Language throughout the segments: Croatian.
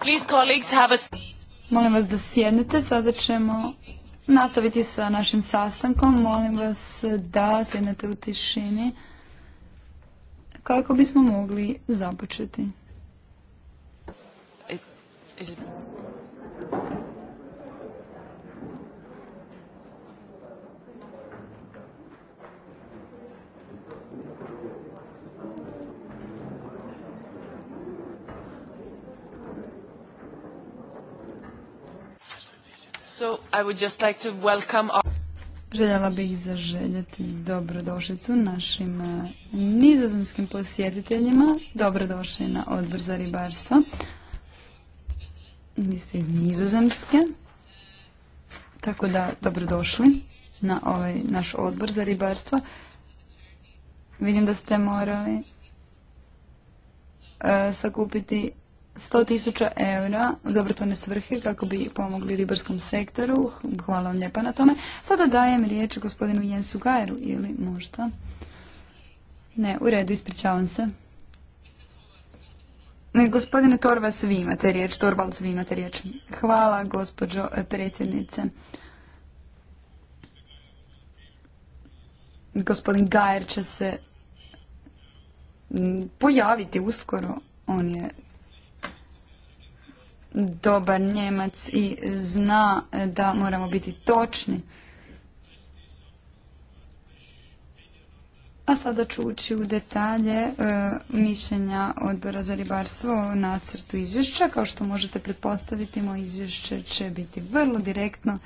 Please, Molim vas da sjednete, sada ćemo nastaviti sa našim sastankom. Molim vas da sjednete u tišini kako bismo mogli započeti. Željela bih zaželjeti dobrodošlicu našim e, nizozemskim posjetiteljima. Dobrodošli na odbor za ribarstvo. Vi iz nizozemske. Tako da, dobrodošli na ovaj naš odbor za ribarstvo. Vidim da ste morali e, sakupiti 100 tisuća eura u dobrotvorne svrhe kako bi pomogli ribarskom sektoru. Hvala vam lijepa na tome. Sada dajem riječ gospodinu Jensu Gajeru ili možda... Ne, u redu, ispričavam se. Ne, gospodine Torvas, svi imate riječ, Torvald, svi imate riječ. Hvala, gospođo predsjednice. Gospodin Gajer će se pojaviti uskoro. On je dobar Njemac i zna da moramo biti točni. A sada ću ući u detalje e, mišljenja odbora za ribarstvo o nacrtu izvješća. Kao što možete pretpostaviti, moj izvješće će biti vrlo direktno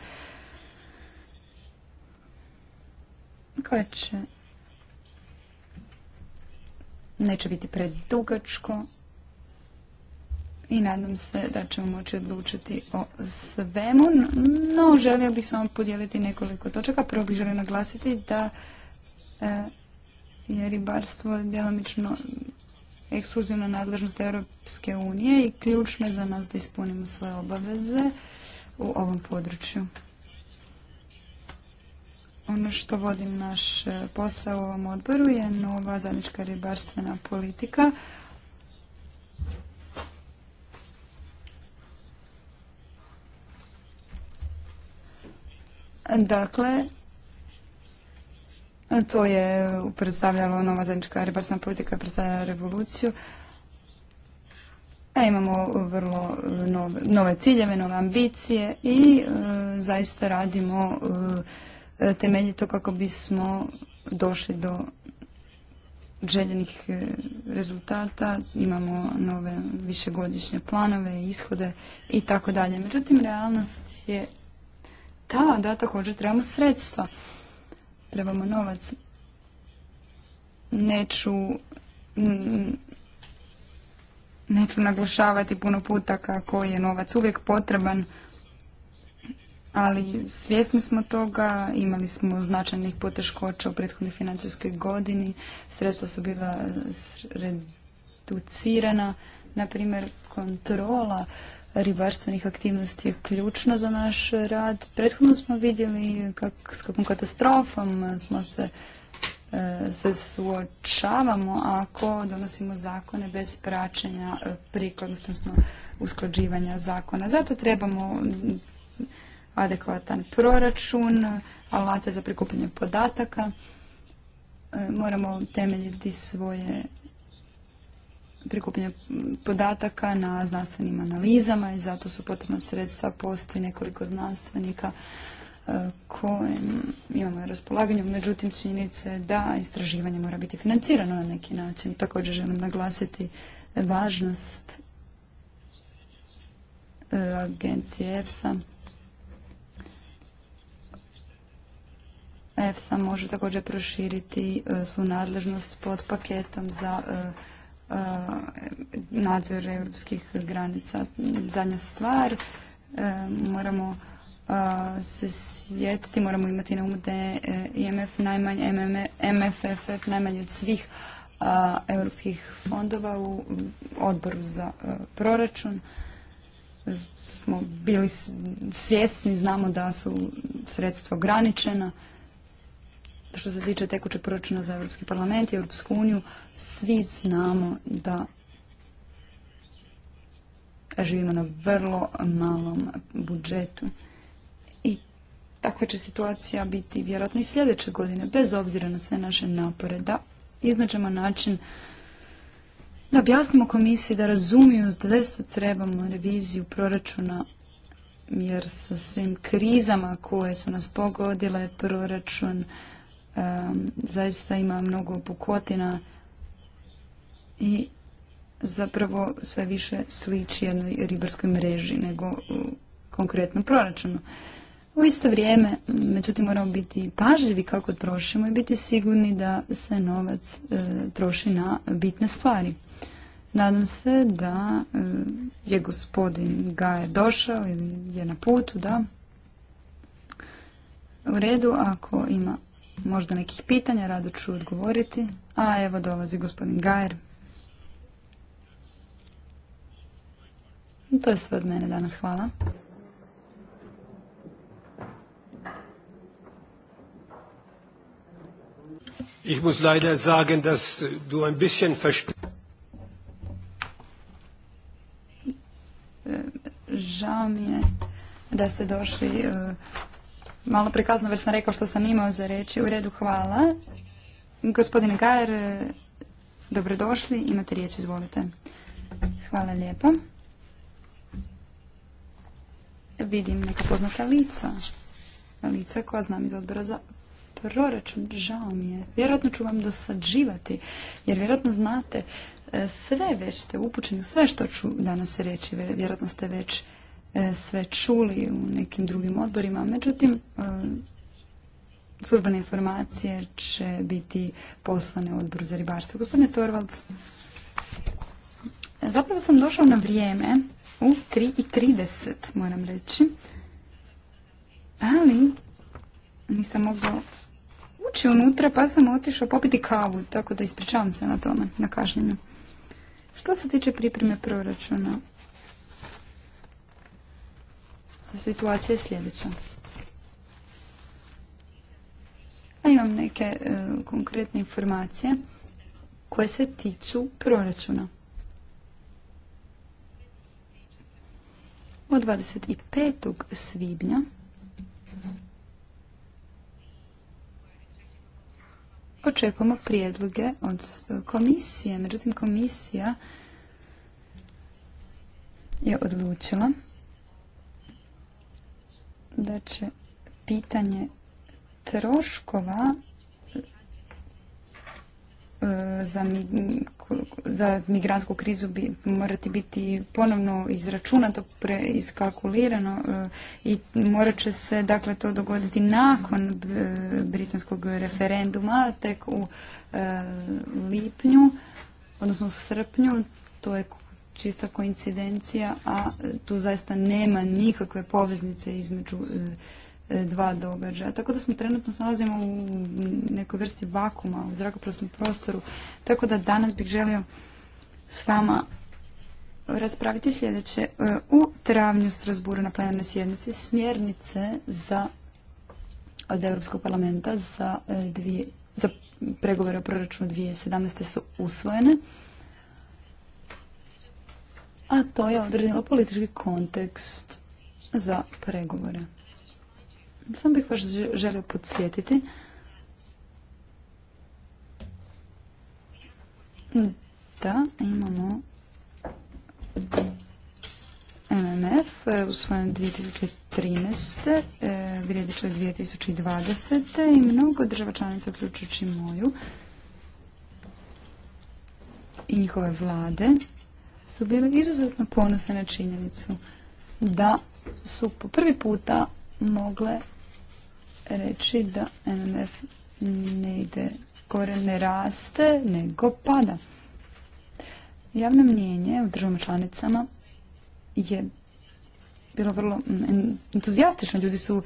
koje će neće biti predugačko i nadam se da ćemo moći odlučiti o svemu, no želio bih s podijeliti nekoliko točaka. Prvo bih želio naglasiti da e, je ribarstvo djelomično ekskluzivna nadležnost Europske unije i ključno je za nas da ispunimo svoje obaveze u ovom području. Ono što vodi naš e, posao u ovom odboru je nova zajednička ribarstvena politika Dakle, to je predstavljalo nova zajednička ribarstvena politika predstavljala revoluciju. A e, imamo vrlo nove, ciljeve, nove ambicije i e, zaista radimo e, temeljito kako bismo došli do željenih e, rezultata, imamo nove višegodišnje planove, ishode i tako dalje. Međutim, realnost je da, da, također trebamo sredstva. Trebamo novac. Neću neću naglašavati puno puta kako je novac uvijek potreban, ali svjesni smo toga, imali smo značajnih poteškoća u prethodnoj financijskoj godini, sredstva su bila reducirana, na primjer kontrola ribarstvenih aktivnosti je ključna za naš rad. Prethodno smo vidjeli s kakvom katastrofom smo se, e, se suočavamo ako donosimo zakone bez praćenja e, prikladnosti, odnosno usklađivanja zakona. Zato trebamo adekvatan proračun, alate za prikupljanje podataka. E, moramo temeljiti svoje prikupljanja podataka na znanstvenim analizama i zato su potrebna sredstva. Postoji nekoliko znanstvenika e, koje imamo na raspolaganju. Međutim, činjenica je da istraživanje mora biti financirano na neki način. Također želim naglasiti važnost e, agencije EFSA. EFSA može također proširiti e, svu nadležnost pod paketom za E, nadzor europskih granica. Zadnja stvar, e, moramo e, se sjetiti, moramo imati na umu da je IMF najmanje, MFFF najmanje od svih europskih fondova u odboru za proračun smo bili svjesni, znamo da su sredstva ograničena, što se tiče tekućeg proračuna za Europski parlament i Europsku uniju, svi znamo da živimo na vrlo malom budžetu. I takva će situacija biti vjerojatno i sljedeće godine, bez obzira na sve naše napore, da iznađemo način da objasnimo komisiji da razumiju da se trebamo reviziju proračuna jer sa svim krizama koje su nas pogodile proračun zaista ima mnogo pukotina i zapravo sve više sliči jednoj ribarskoj mreži nego konkretno proračunu. U isto vrijeme, međutim, moramo biti pažljivi kako trošimo i biti sigurni da se novac e, troši na bitne stvari. Nadam se da e, je gospodin je došao ili je na putu, da. U redu, ako ima možda nekih pitanja, rado ću odgovoriti. A evo dolazi gospodin Gajer. To je sve od mene danas, hvala. Ich muss leider sagen, dass du ein bisschen Žao mi je da ste došli eh, malo prekazno već sam rekao što sam imao za reći. U redu, hvala. Gospodine Gajer, dobrodošli. Imate riječ, izvolite. Hvala lijepo. Vidim neka poznata lica. Lica koja znam iz odbora za proračun. Žao mi je. Vjerojatno ću vam dosađivati, jer vjerojatno znate e, sve već ste upućeni u sve što ću danas reći. Vjerojatno ste već E, sve čuli u nekim drugim odborima. Međutim, e, službene informacije će biti poslane u odboru za ribarstvo. Gospodine zapravo sam došao na vrijeme u 3.30, moram reći. Ali nisam mogla ući unutra, pa sam otišao popiti kavu, tako da ispričavam se na tome, na kašnjenju. Što se tiče pripreme proračuna, situacija je sljedeća. A imam neke e, konkretne informacije koje se tiču proračuna. Od 25. svibnja očekujemo prijedloge od komisije. Međutim, komisija je odlučila da će pitanje troškova e, za, za migrantsku krizu bi morati biti ponovno izračunato, preiskalkulirano e, i morat će se dakle to dogoditi nakon e, britanskog referenduma tek u lipnju, odnosno u srpnju, to je čista koincidencija, a e, tu zaista nema nikakve poveznice između e, e, dva događaja. Tako da smo trenutno nalazimo u nekoj vrsti vakuma u zrakoprostnom prostoru. Tako da danas bih želio s vama raspraviti sljedeće. U travnju Strasburu na plenarnoj sjednici smjernice za od Europskog parlamenta za, za pregovore o proračunu 2017. su usvojene a to je odredilo politički kontekst za pregovore. Sam bih vaš želio podsjetiti da imamo MMF svojem 2013. vrijedi 2020. i mnogo država članica, uključujući moju i njihove vlade, su bili izuzetno ponosne na činjenicu da su po prvi puta mogle reći da MMF ne ide gore, ne raste, nego pada. Javno mnjenje u državama članicama je bilo vrlo entuzijastično. Ljudi su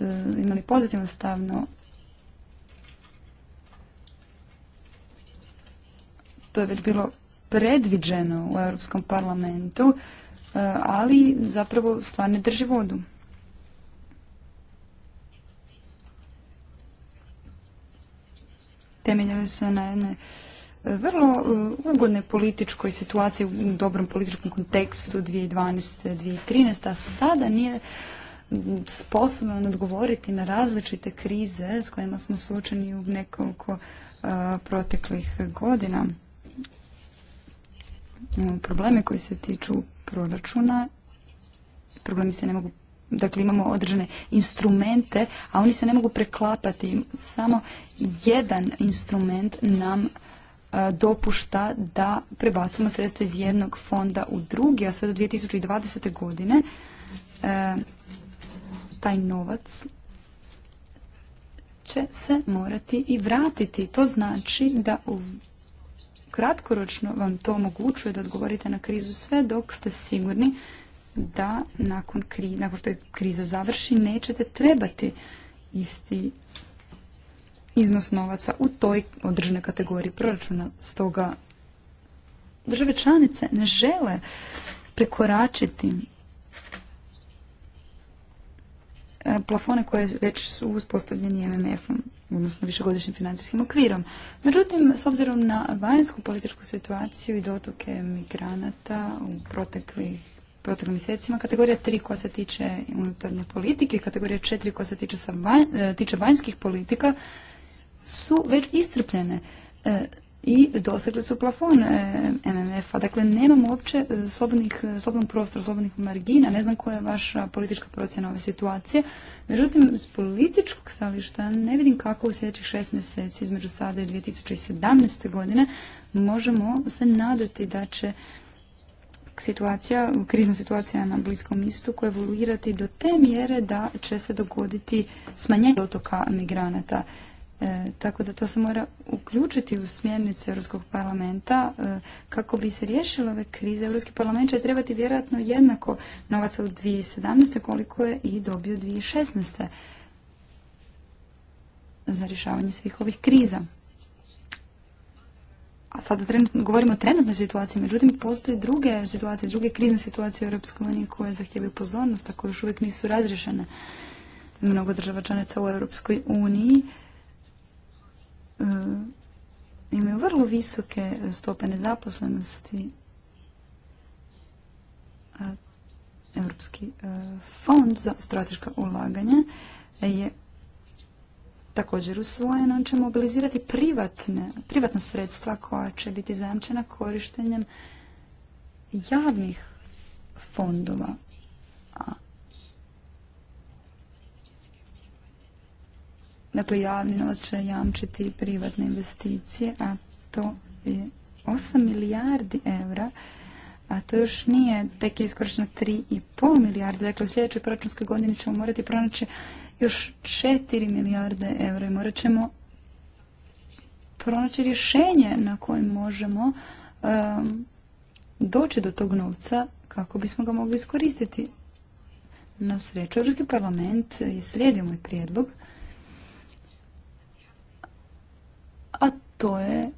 e, imali pozitivno stavno to je već bilo predviđeno u Europskom parlamentu, e, ali zapravo stvar ne drži vodu. Temeljali se na jednoj e, vrlo e, ugodnoj političkoj situaciji u dobrom političkom kontekstu 2012. 2013. A sada nije sposoban odgovoriti na različite krize s kojima smo slučajni u nekoliko proteklih godina. Mm, probleme koji se tiču proračuna. Problemi se ne mogu dakle imamo određene instrumente, a oni se ne mogu preklapati. Samo jedan instrument nam e, dopušta da prebacimo sredstva iz jednog fonda u drugi, a sve do 2020. godine e, taj novac će se morati i vratiti. To znači da u kratkoročno vam to omogućuje da odgovorite na krizu sve dok ste sigurni da nakon, kri, nakon što je kriza završi nećete trebati isti iznos novaca u toj određenoj kategoriji proračuna. Stoga države članice ne žele prekoračiti e, plafone koje već su uspostavljeni MMF-om odnosno višegodišnjim financijskim okvirom. Međutim, s obzirom na vanjsku političku situaciju i dotoke migranata u proteklih proteklim mjesecima, kategorija 3 koja se tiče unutarnje politike i kategorija 4 koja se tiče, e, tiče vanjskih politika su već istrpljene. E, i dosegli su plafon e, MMF-a. Dakle, nemamo uopće e, slobodnih, e, slobodnog prostora, slobodnih margina. Ne znam koja je vaša politička procjena ove situacije. Međutim, s političkog stališta ne vidim kako u sljedećih šest mjeseci između sada i 2017. godine možemo se nadati da će situacija, krizna situacija na Bliskom istoku evoluirati do te mjere da će se dogoditi smanjenje dotoka migranata. E, tako da to se mora uključiti u smjernice Europskog parlamenta e, kako bi se riješile ove krize. Europski parlament će trebati vjerojatno jednako novaca u 2017. koliko je i dobio 2016. za rješavanje svih ovih kriza. A sada govorimo o trenutnoj situaciji, međutim postoje druge situacije, druge krizne situacije u Europskoj uniji koje zahtijevaju pozornost, a koje još uvijek nisu razriješene. Mnogo država članica u Europskoj uniji E, imaju vrlo visoke stope nezaposlenosti. E, Europski e, fond za strateška ulaganja je također usvojen. On će mobilizirati privatne, privatna sredstva koja će biti zajamčena korištenjem javnih fondova Dakle, javni novac će jamčiti privatne investicije, a to je 8 milijardi eura, a to još nije tek je 3,5 milijarde. Dakle, u sljedećoj proračunskoj godini ćemo morati pronaći još 4 milijarde eura i morat ćemo pronaći rješenje na kojem možemo um, doći do tog novca kako bismo ga mogli iskoristiti. Na sreću, Europski parlament je slijedio moj prijedlog to je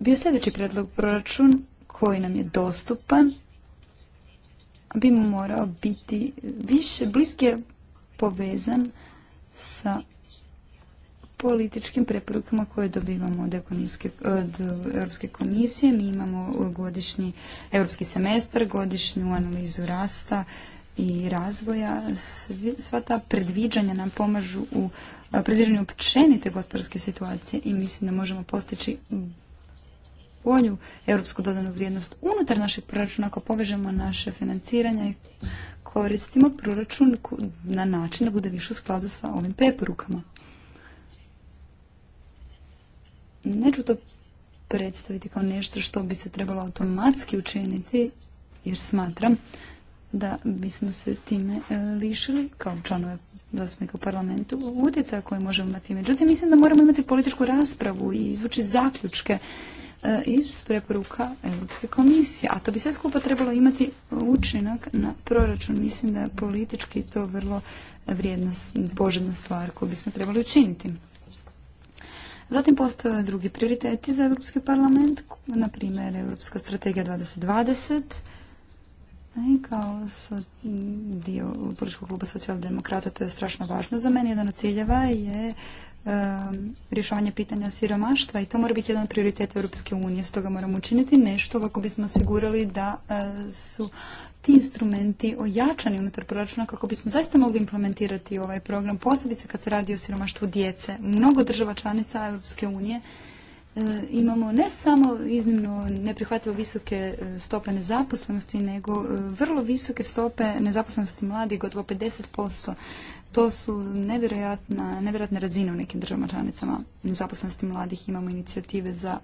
bio sljedeći predlog proračun koji nam je dostupan bi morao biti više bliske povezan sa političkim preporukama koje dobivamo od, od Europske komisije. Mi imamo godišnji europski semestar, godišnju analizu rasta i razvoja. Sva ta predviđanja nam pomažu u predviđanju općenite gospodarske situacije i mislim da možemo postići bolju europsku dodanu vrijednost unutar našeg proračuna ako povežemo naše financiranja i koristimo proračun na način da bude više u skladu sa ovim preporukama. Neću to predstaviti kao nešto što bi se trebalo automatski učiniti jer smatram da bismo se time e, lišili kao članove zastupnika u parlamentu utjecaja koji možemo imati. Međutim, mislim da moramo imati političku raspravu i izvući zaključke e, iz preporuka Europske komisije. A to bi sve skupa trebalo imati učinak na proračun. Mislim da je politički to vrlo vrijedna, poželjna stvar koju bismo trebali učiniti. Zatim postoje drugi prioriteti za Europski parlament, na primjer Europska strategija 2020, kao dio političkog kluba socijaldemokrata, to je strašno važno za mene. Jedan od ciljeva je rješavanje pitanja siromaštva i to mora biti jedan od prioriteta Europske unije. Stoga moramo učiniti nešto kako bismo osigurali da e, su ti instrumenti ojačani unutar proračuna kako bismo zaista mogli implementirati ovaj program, posebice kad se radi o siromaštvu djece. Mnogo država članica Europske unije E, imamo ne samo iznimno neprihvatljivo visoke e, stope nezaposlenosti, nego e, vrlo visoke stope nezaposlenosti mladih, gotovo 50%. To su nevjerojatne razine u nekim državama članicama nezaposlenosti mladih. Imamo inicijative za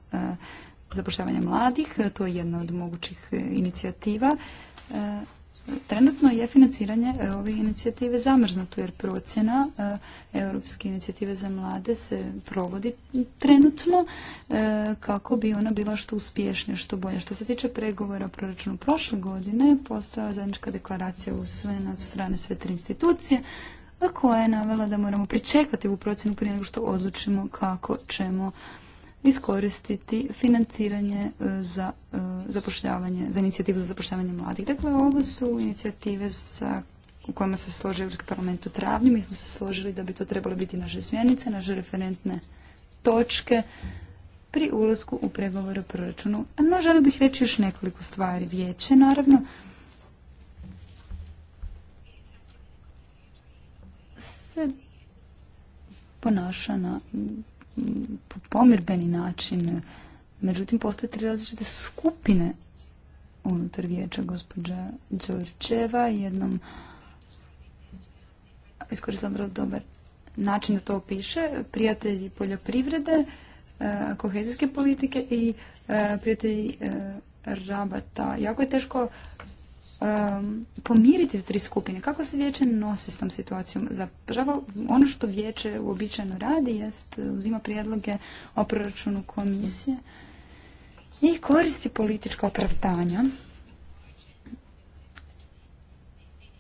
zapošljavanje mladih, to je jedna od mogućih inicijativa. Trenutno je financiranje e, ove inicijative zamrznuto jer procjena e, Europske inicijative za mlade se provodi trenutno e, kako bi ona bila što uspješnija, što bolja. Što se tiče pregovora o proračunu prošle godine, postoja zajednička deklaracija usvojena od strane sve tri institucije koja je navela da moramo pričekati u procjenu prije nego što odlučimo kako ćemo iskoristiti financiranje e, za e, zapošljavanje, za inicijativu za zapošljavanje mladih. Dakle, ovo su inicijative sa u kojima se složio Europski parlament u travnju. Mi smo se složili da bi to trebalo biti naše smjernice, naše referentne točke pri ulasku u pregovore o proračunu. No, želio bih reći još nekoliko stvari. Vijeće, naravno, se ponaša na pomirbeni način. Međutim, postoje tri različite skupine unutar vijeća gospođa Đorčeva jednom iskoristila vrlo dobar način da to opiše, prijatelji poljoprivrede, e, kohezijske politike i e, prijatelji e, rabata. Jako je teško um, pomiriti s tri skupine. Kako se vijeće nosi s tom situacijom? Zapravo, ono što vijeće uobičajeno radi jest e, uzima prijedloge o proračunu komisije i koristi politička opravdanja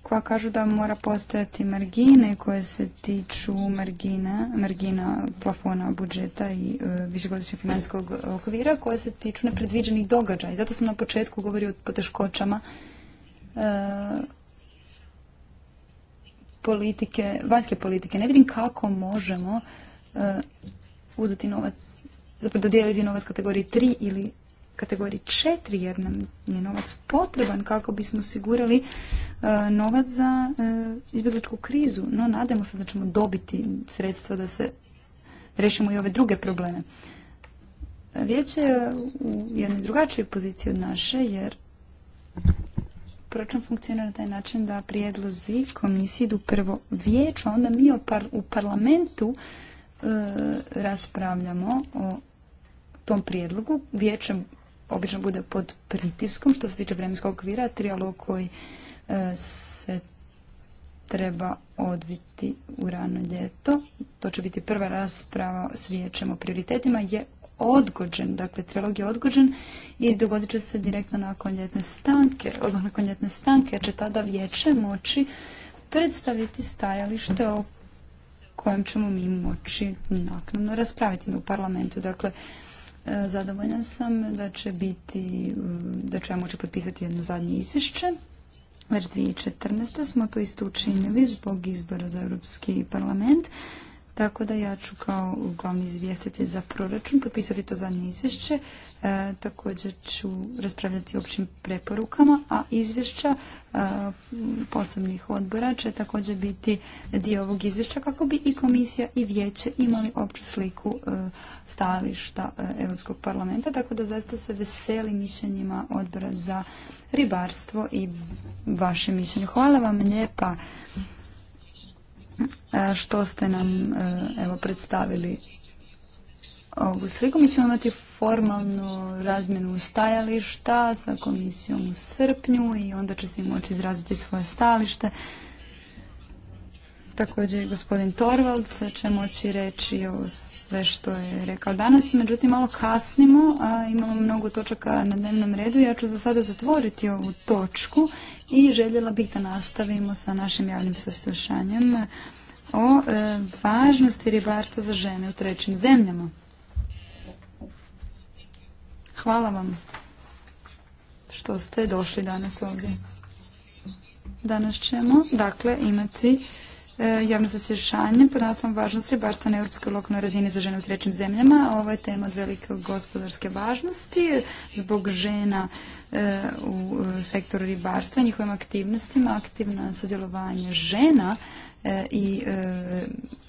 koja kažu da mora postojati margine koje se tiču margina, margina plafona budžeta i e, višegodišnjeg financijskog okvira koje se tiču nepredviđenih događaja. Zato sam na početku govorio o poteškoćama E, politike, vanjske politike. Ne vidim kako možemo e, uzeti novac, zapravo dodijeliti novac kategoriji 3 ili kategoriji 4 jer nam je novac potreban kako bismo osigurali e, novac za izbjegličku krizu. No, nadamo se da ćemo dobiti sredstva da se rešimo i ove druge probleme. vijeće je u jednoj drugačijoj poziciji od naše jer proračun funkcionira na taj način da prijedlozi komisije idu prvo vijeću, onda mi u parlamentu e, raspravljamo o tom prijedlogu. Vijećem obično bude pod pritiskom što se tiče vremenskog okvira, trijalog koji e, se treba odviti u rano ljeto. To će biti prva rasprava s vijećem o prioritetima je odgođen, dakle trilog je odgođen i dogodit će se direktno nakon ljetne stanke, odmah nakon ljetne stanke, jer će tada vijeće moći predstaviti stajalište o kojem ćemo mi moći naknadno raspraviti u parlamentu. Dakle, e, zadovoljna sam da će biti, e, da ću ja moći potpisati jedno zadnje izvješće. Već 2014. smo to isto učinili zbog izbora za Europski parlament. Tako da ja ću kao glavni izvjestitelj za proračun popisati to zadnje izvješće. E, također ću raspravljati općim preporukama, a izvješća e, posebnih odbora će također biti dio ovog izvješća kako bi i komisija i vijeće imali opću sliku e, stajališta Europskog parlamenta. Tako da zaista se veseli mišljenjima odbora za ribarstvo i vaše mišljenje. Hvala vam lijepa. E, što ste nam e, evo predstavili ovu sliku. Mi ćemo imati formalnu razmjenu stajališta sa komisijom u srpnju i onda će svi moći izraziti svoje stajalište. Također gospodin Torvald će moći reći o sve što je rekao danas, međutim malo kasnimo, a imamo mnogo točaka na dnevnom redu. Ja ću za sada zatvoriti ovu točku i željela bih da nastavimo sa našim javnim saslušanjem o e, važnosti ribarstva za žene u trećim zemljama. Hvala vam što ste došli danas ovdje. Danas ćemo, dakle, imati E, javno zasješanje pod naslovom važnost ribarstva na europskoj lokalnoj razini za žene u trećim zemljama. Ovo je tema od velike gospodarske važnosti zbog žena e, u e, sektoru ribarstva, njihovim aktivnostima, aktivno sudjelovanje žena i e,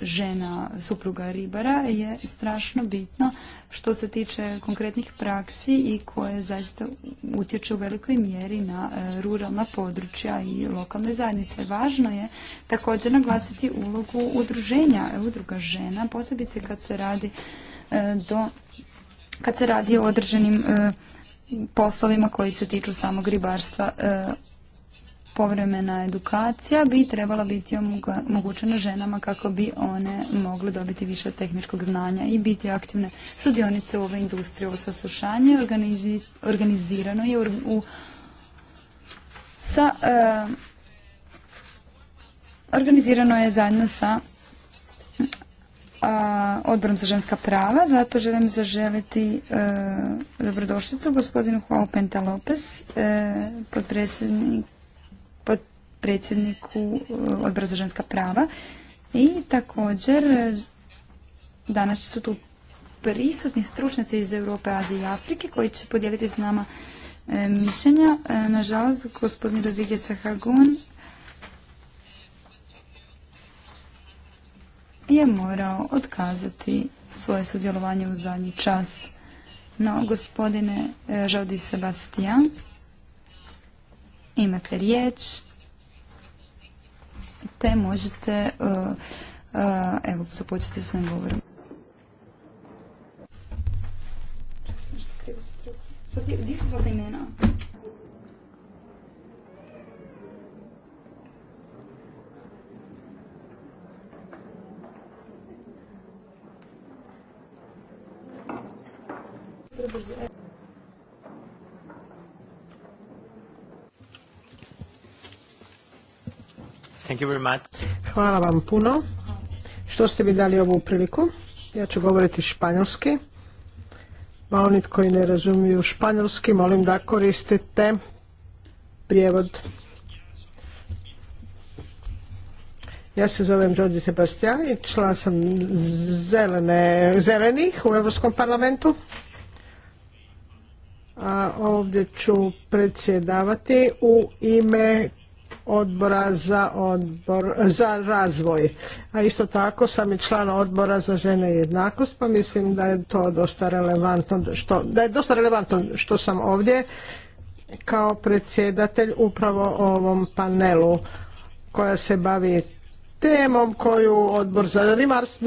žena supruga ribara je strašno bitno što se tiče konkretnih praksi i koje zaista utječe u velikoj mjeri na e, ruralna područja i lokalne zajednice. Važno je također naglasiti ulogu udruženja, e, udruga žena, posebice kad se radi do kad se radi o određenim poslovima koji se tiču samog ribarstva povremena edukacija bi trebala biti omogućena ženama kako bi one mogle dobiti više tehničkog znanja i biti aktivne sudionice u ovoj industriji. Ovo saslušanje organizirano je u, sa, e, organizirano je zajedno sa odborom za ženska prava, zato želim zaželiti e, dobrodošlicu gospodinu Juan Penta Lopez, e, podpredsjednik predsjedniku eh, odbora za ženska prava. I također danas su tu prisutni stručnjaci iz Europe, Azije i Afrike koji će podijeliti s nama eh, mišljenja. Eh, nažalost, gospodin Rodriguez Sahagun je morao otkazati svoje sudjelovanje u zadnji čas. No, gospodine Žaudi Sebastian, imate riječ te možete uh, uh, evo započeti svojim govorom. Gdje su sva imena? Thank you. Thank Hvala vam puno. Što ste mi dali ovu priliku? Ja ću govoriti španjolski. Ma oni koji ne razumiju španjolski, molim da koristite prijevod. Ja se zovem Đorđe Sebastian i član sam zelene, zelenih u Europskom parlamentu. A ovdje ću predsjedavati u ime odbora za, odbor, za razvoj. A isto tako sam i član odbora za žene i jednakost, pa mislim da je to dosta relevantno, što, da je dosta relevantno što sam ovdje kao predsjedatelj upravo ovom panelu koja se bavi temom koju odbor za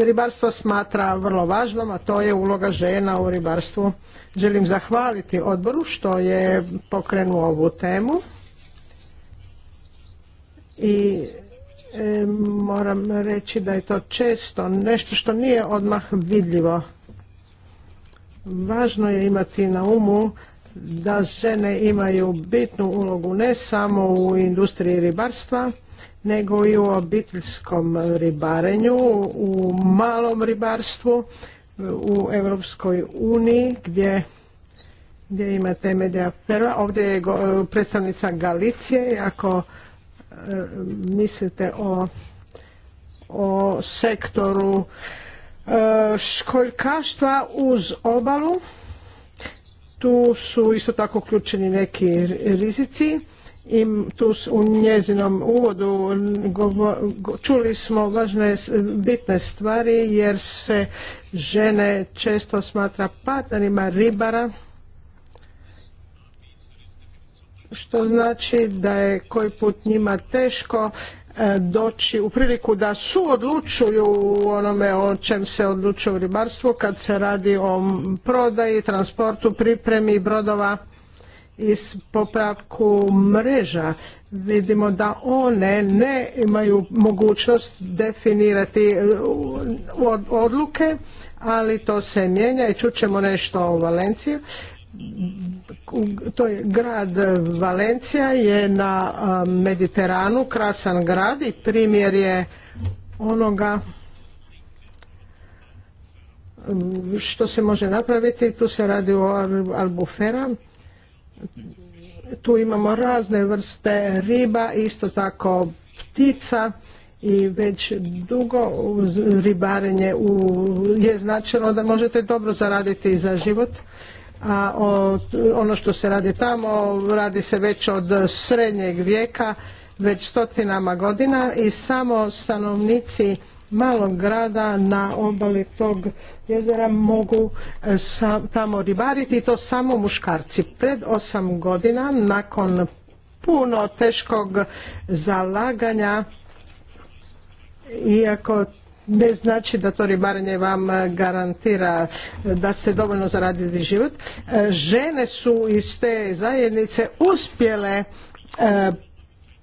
ribarstvo smatra vrlo važnom, a to je uloga žena u ribarstvu. Želim zahvaliti odboru što je pokrenuo ovu temu i e, moram reći da je to često nešto što nije odmah vidljivo. Važno je imati na umu da žene imaju bitnu ulogu ne samo u industriji ribarstva, nego i u obiteljskom ribarenju, u malom ribarstvu, u Europskoj uniji gdje gdje imate prva. Ovdje je predstavnica Galicije, ako E, mislite o, o sektoru e, školjkaštva uz obalu. Tu su isto tako uključeni neki rizici i tu u njezinom uvodu čuli smo važne bitne stvari jer se žene često smatra partnerima ribara što znači da je koji put njima teško e, doći u priliku da suodlučuju odlučuju onome o čem se odlučuje u ribarstvu kad se radi o prodaji, transportu, pripremi brodova i popravku mreža. Vidimo da one ne imaju mogućnost definirati e, odluke, ali to se mijenja i čućemo nešto o Valenciji to je grad Valencija je na Mediteranu krasan grad i primjer je onoga što se može napraviti tu se radi o albufera tu imamo razne vrste riba isto tako ptica i već dugo ribarenje u, je značilo da možete dobro zaraditi za život a ono što se radi tamo radi se već od srednjeg vijeka već stotinama godina i samo stanovnici malog grada na obali tog jezera mogu e, tamo ribariti i to samo muškarci. Pred osam godina nakon puno teškog zalaganja iako ne znači da to ribarenje vam e, garantira e, da ste dovoljno zaraditi život. E, žene su iz te zajednice uspjele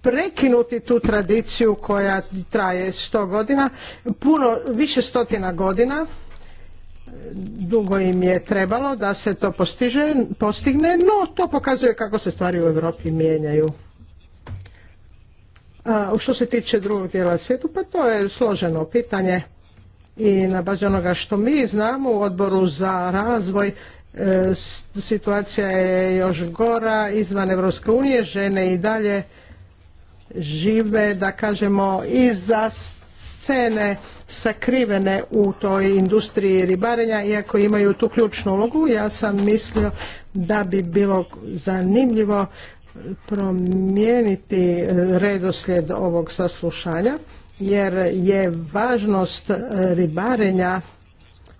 prekinuti tu tradiciju koja traje sto godina, puno više stotina godina dugo im je trebalo da se to postigne, no to pokazuje kako se stvari u Europi mijenjaju. A što se tiče drugog dijela svijetu, pa to je složeno pitanje i na bazi onoga što mi znamo u odboru za razvoj e, situacija je još gora izvan Evropske unije, žene i dalje žive, da kažemo, iza scene sakrivene u toj industriji ribarenja, iako imaju tu ključnu ulogu. Ja sam mislio da bi bilo zanimljivo promijeniti e, redoslijed ovog saslušanja jer je važnost e, ribarenja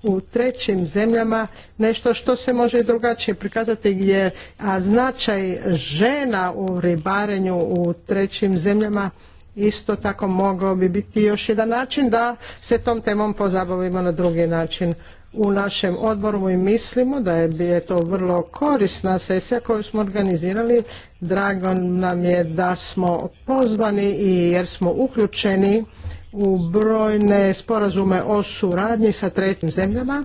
u trećim zemljama nešto što se može drugačije prikazati gdje a značaj žena u ribarenju u trećim zemljama isto tako mogao bi biti još jedan način da se tom temom pozabavimo na drugi način u našem odboru i mislimo da je to vrlo korisna sesija koju smo organizirali. Drago nam je da smo pozvani i jer smo uključeni u brojne sporazume o suradnji sa trećim zemljama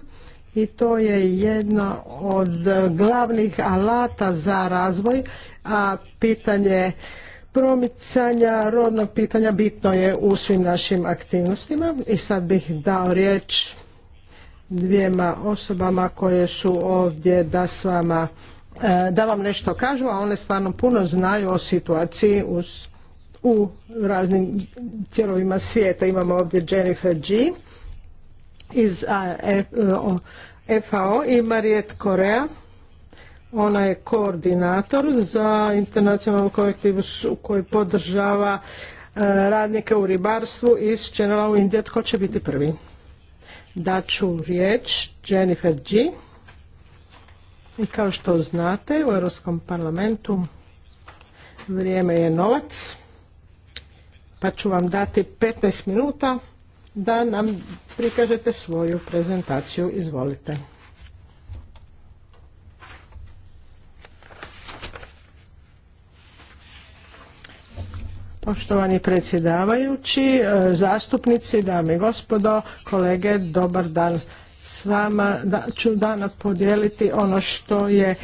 i to je jedno od glavnih alata za razvoj, a pitanje promicanja rodnog pitanja bitno je u svim našim aktivnostima. I sad bih dao riječ dvijema osobama koje su ovdje da s vama e, da vam nešto kažu, a one stvarno puno znaju o situaciji u raznim cijelovima svijeta. Imamo ovdje Jennifer G iz FAO e, i Marijet Korea. Ona je koordinator za internacionalnu kolektivu koji podržava e, radnike u ribarstvu iz Channel u Tko će biti prvi? ću riječ Jennifer G. I kao što znate u Europskom parlamentu vrijeme je novac pa ću vam dati 15 minuta da nam prikažete svoju prezentaciju. Izvolite. Poštovani predsjedavajući, e, zastupnici, dame i gospodo, kolege, dobar dan s vama da, ću danas podijeliti ono što je,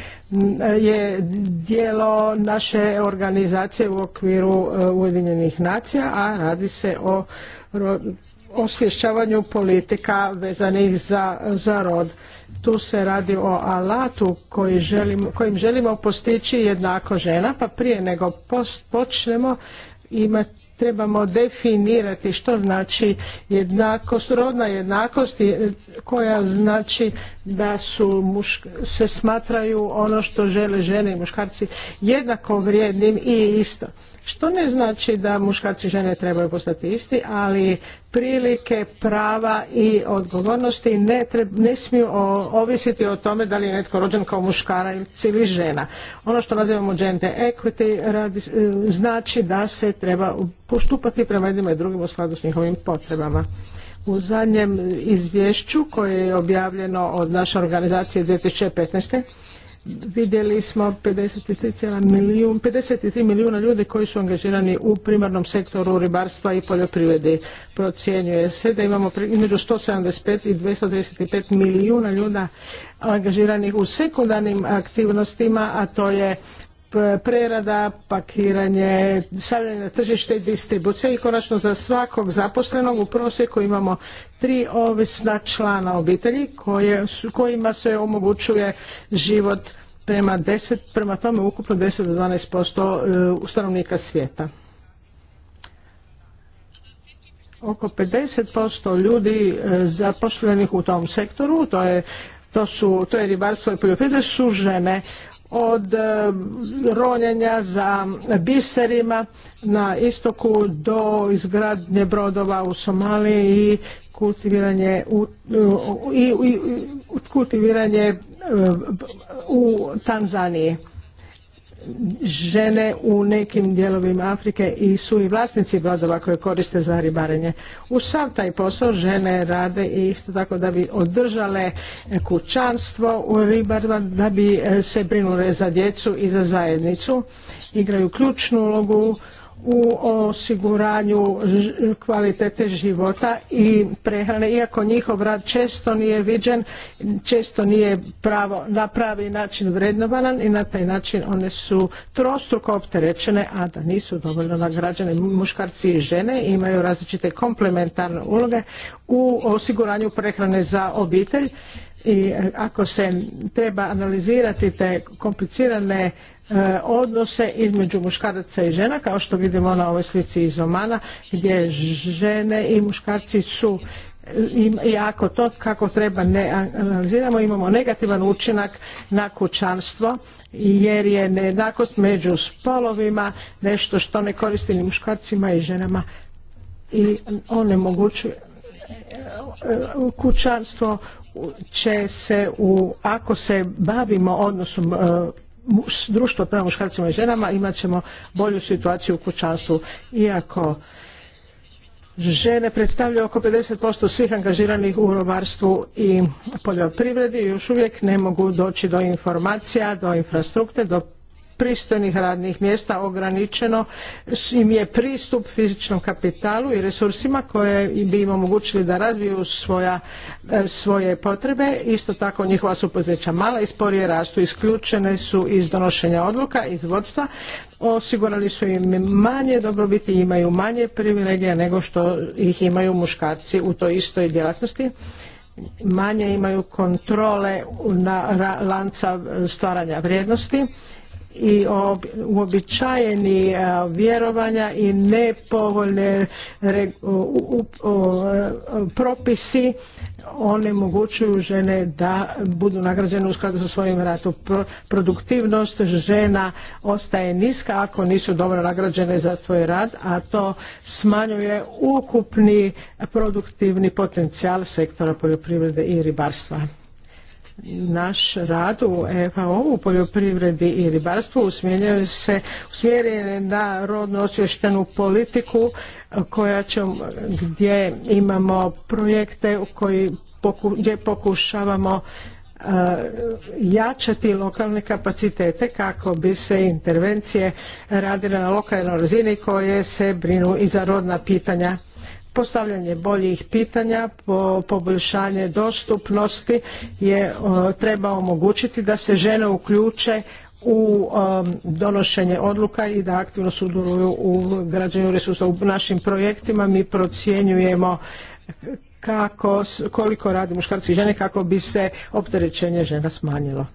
je dijelo naše organizacije u okviru e, Ujedinjenih nacija, a radi se o osvješćavanju politika vezanih za, za rod. Tu se radi o alatu koji kojim želimo postići jednako žena, pa prije nego počnemo ima, trebamo definirati što znači jednakost, rodna jednakost koja znači da su se smatraju ono što žele žene i muškarci jednako vrijednim i isto. Što ne znači da muškarci i žene trebaju postati isti, ali prilike prava i odgovornosti ne, smiju ovisiti o tome da li je netko rođen kao muškara ili žena. Ono što nazivamo gender equity e, znači da se treba postupati prema jednima i drugim u skladu s njihovim potrebama. U zadnjem izvješću koje je objavljeno od naše organizacije 2015 vidjeli smo 53 milijun, milijuna ljudi koji su angažirani u primarnom sektoru ribarstva i poljoprivredi. Procjenjuje se da imamo između 175 i 235 milijuna ljuda angažiranih u sekundarnim aktivnostima, a to je prerada, pakiranje, stavljanje na tržište i distribucija i konačno za svakog zaposlenog u prosjeku imamo tri ovisna člana obitelji kojima se omogućuje život prema prema tome ukupno 10 do 12% e, stanovnika svijeta. Oko 50% ljudi e, zaposlenih u tom sektoru, to je to je ribarstvo i poljoprivreda, su žene od e, ronjenja za biserima na istoku do izgradnje brodova u Somaliji i kultiviranje u, i, i, kultiviranje e, u Tanzaniji žene u nekim dijelovima Afrike i su i vlasnici brodova koje koriste za ribarenje. U sav taj posao žene rade i isto tako da bi održale kućanstvo u ribarima, da bi e, se brinule za djecu i za zajednicu. Igraju ključnu ulogu u osiguranju kvalitete života i prehrane iako njihov rad često nije viđen često nije pravo na pravi način vrednovan i na taj način one su trostruko opterećene a da nisu dovoljno nagrađene muškarci i žene imaju različite komplementarne uloge u osiguranju prehrane za obitelj i ako se treba analizirati te komplicirane E, odnose između muškaraca i žena kao što vidimo na ovoj slici iz Omana gdje žene i muškarci su e, i ako to kako treba ne analiziramo imamo negativan učinak na kućanstvo jer je nejednakost među spolovima nešto što ne koristi ni muškarcima i ženama i onemogućuje e, kućanstvo će se u, ako se bavimo odnosom društvo prema muškarcima i ženama imat ćemo bolju situaciju u kućanstvu. Iako žene predstavljaju oko 50% svih angažiranih u robarstvu i poljoprivredi još uvijek ne mogu doći do informacija, do infrastrukture, do pristojnih radnih mjesta ograničeno im je pristup fizičnom kapitalu i resursima koje bi im omogućili da razviju svoja, e, svoje potrebe. Isto tako njihova su poduzeća mala i sporije rastu. Isključene su iz donošenja odluka, iz vodstva. Osigurali su im manje dobrobiti, imaju manje privilegija nego što ih imaju muškarci u toj istoj djelatnosti manje imaju kontrole na lanca stvaranja vrijednosti i uobičajeni e, vjerovanja i nepovoljne e, propisi one onemogućuju žene da budu nagrađene u skladu sa svojim radom. Produktivnost žena ostaje niska ako nisu dobro nagrađene za svoj rad, a to smanjuje ukupni produktivni potencijal sektora poljoprivrede i ribarstva naš rad u evo u poljoprivredi i ribarstvu usmjerio se usmjerio na rodno osvještenu politiku koja će, gdje imamo projekte u koji gdje pokušavamo jačati lokalne kapacitete kako bi se intervencije radile na lokalnoj razini koje se brinu i za rodna pitanja postavljanje boljih pitanja, poboljšanje dostupnosti je e, treba omogućiti da se žene uključe u e, donošenje odluka i da aktivno sudjeluju u građanju resursa. U našim projektima mi procjenjujemo kako, koliko radi muškarci i žene kako bi se opterećenje žena smanjilo.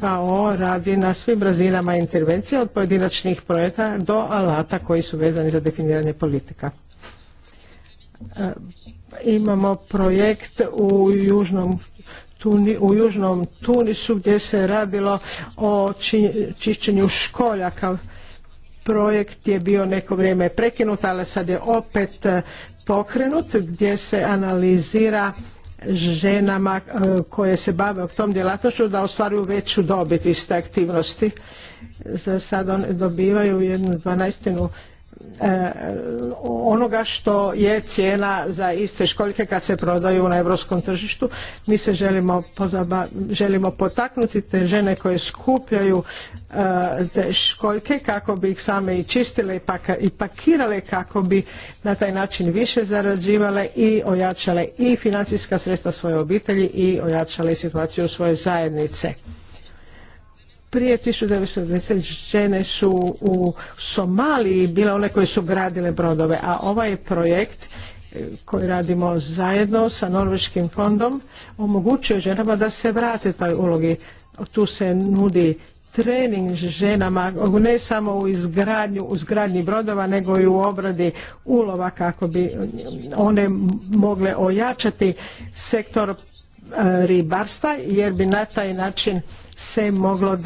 FAO radi na svim razinama intervencije od pojedinačnih projekata do alata koji su vezani za definiranje politika. E, imamo projekt u južnom u južnom Tunisu gdje se radilo o čišćenju školjaka. Projekt je bio neko vrijeme prekinut, ali sad je opet pokrenut gdje se analizira ženama e, koje se bave tom djelatnošću da ostvaruju veću dobit iz te aktivnosti. Za sad one dobivaju jednu dvanaestinu E, onoga što je cijena za iste školjke kad se prodaju na europskom tržištu. Mi se želimo, želimo potaknuti te žene koje skupljaju e, te školjke kako bi ih same i čistile i pakirale kako bi na taj način više zarađivale i ojačale i financijska sredstva svoje obitelji i ojačale situaciju svoje zajednice prije 1990 žene su u Somaliji bile one koje su gradile brodove, a ovaj projekt e, koji radimo zajedno sa Norveškim fondom omogućuje ženama da se vrate toj ulogi. Tu se nudi trening ženama, ne samo u izgradnju, u izgradnji brodova, nego i u obradi ulova kako bi one mogle ojačati sektor e, ribarstva jer bi na taj način se moglo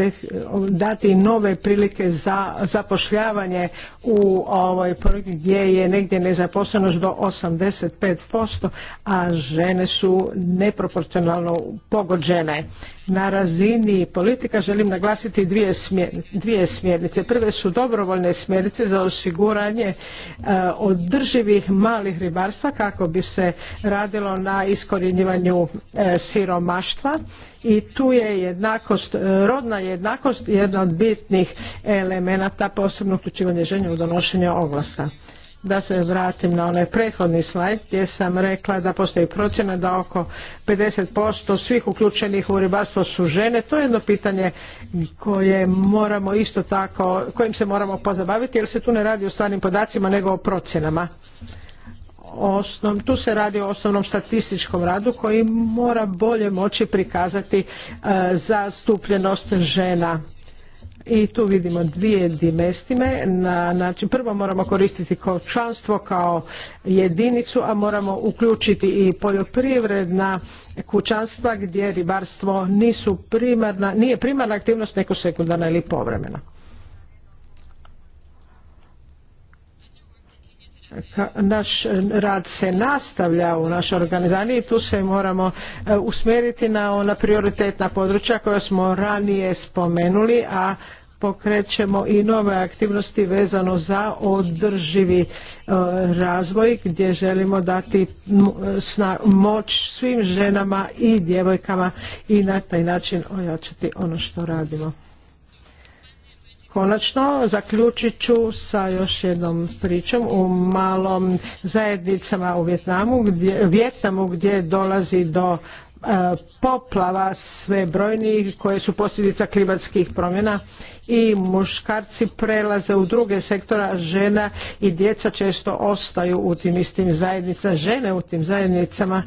dati nove prilike za zapošljavanje u ovoj gdje je negdje nezaposlenost do 85%, a žene su neproporcionalno pogođene. Na razini politika želim naglasiti dvije, dvije smjernice. Prve su dobrovoljne smjernice za osiguranje e, održivih malih ribarstva kako bi se radilo na iskorjenjivanju e, siromaštva i tu je jednako E, rodna jednakost je jedna od bitnih elemenata, posebno uključivanje žene u donošenje oglasa. Da se vratim na onaj prethodni slajd gdje sam rekla da postoji procjena da oko 50% svih uključenih u ribarstvo su žene. To je jedno pitanje koje moramo isto tako, kojim se moramo pozabaviti jer se tu ne radi o stvarnim podacima nego o procjenama osnov, tu se radi o osnovnom statističkom radu koji mora bolje moći prikazati e, zastupljenost žena i tu vidimo dvije dimestime. Na, način, prvo moramo koristiti kućanstvo kao jedinicu, a moramo uključiti i poljoprivredna kućanstva gdje ribarstvo nisu primarna, nije primarna aktivnost, neko sekundarna ili povremena. naš rad se nastavlja u našoj organizaciji i tu se moramo e, usmjeriti na ona prioritetna područja koja smo ranije spomenuli, a pokrećemo i nove aktivnosti vezano za održivi e, razvoj gdje želimo dati moć svim ženama i djevojkama i na taj način ojačati ono što radimo konačno zaključit ću sa još jednom pričom u malom zajednicama u Vjetnamu gdje, Vjetnamu gdje dolazi do e, poplava sve brojnijih koje su posljedica klimatskih promjena i muškarci prelaze u druge sektora žena i djeca često ostaju u tim istim zajednicama žene u tim zajednicama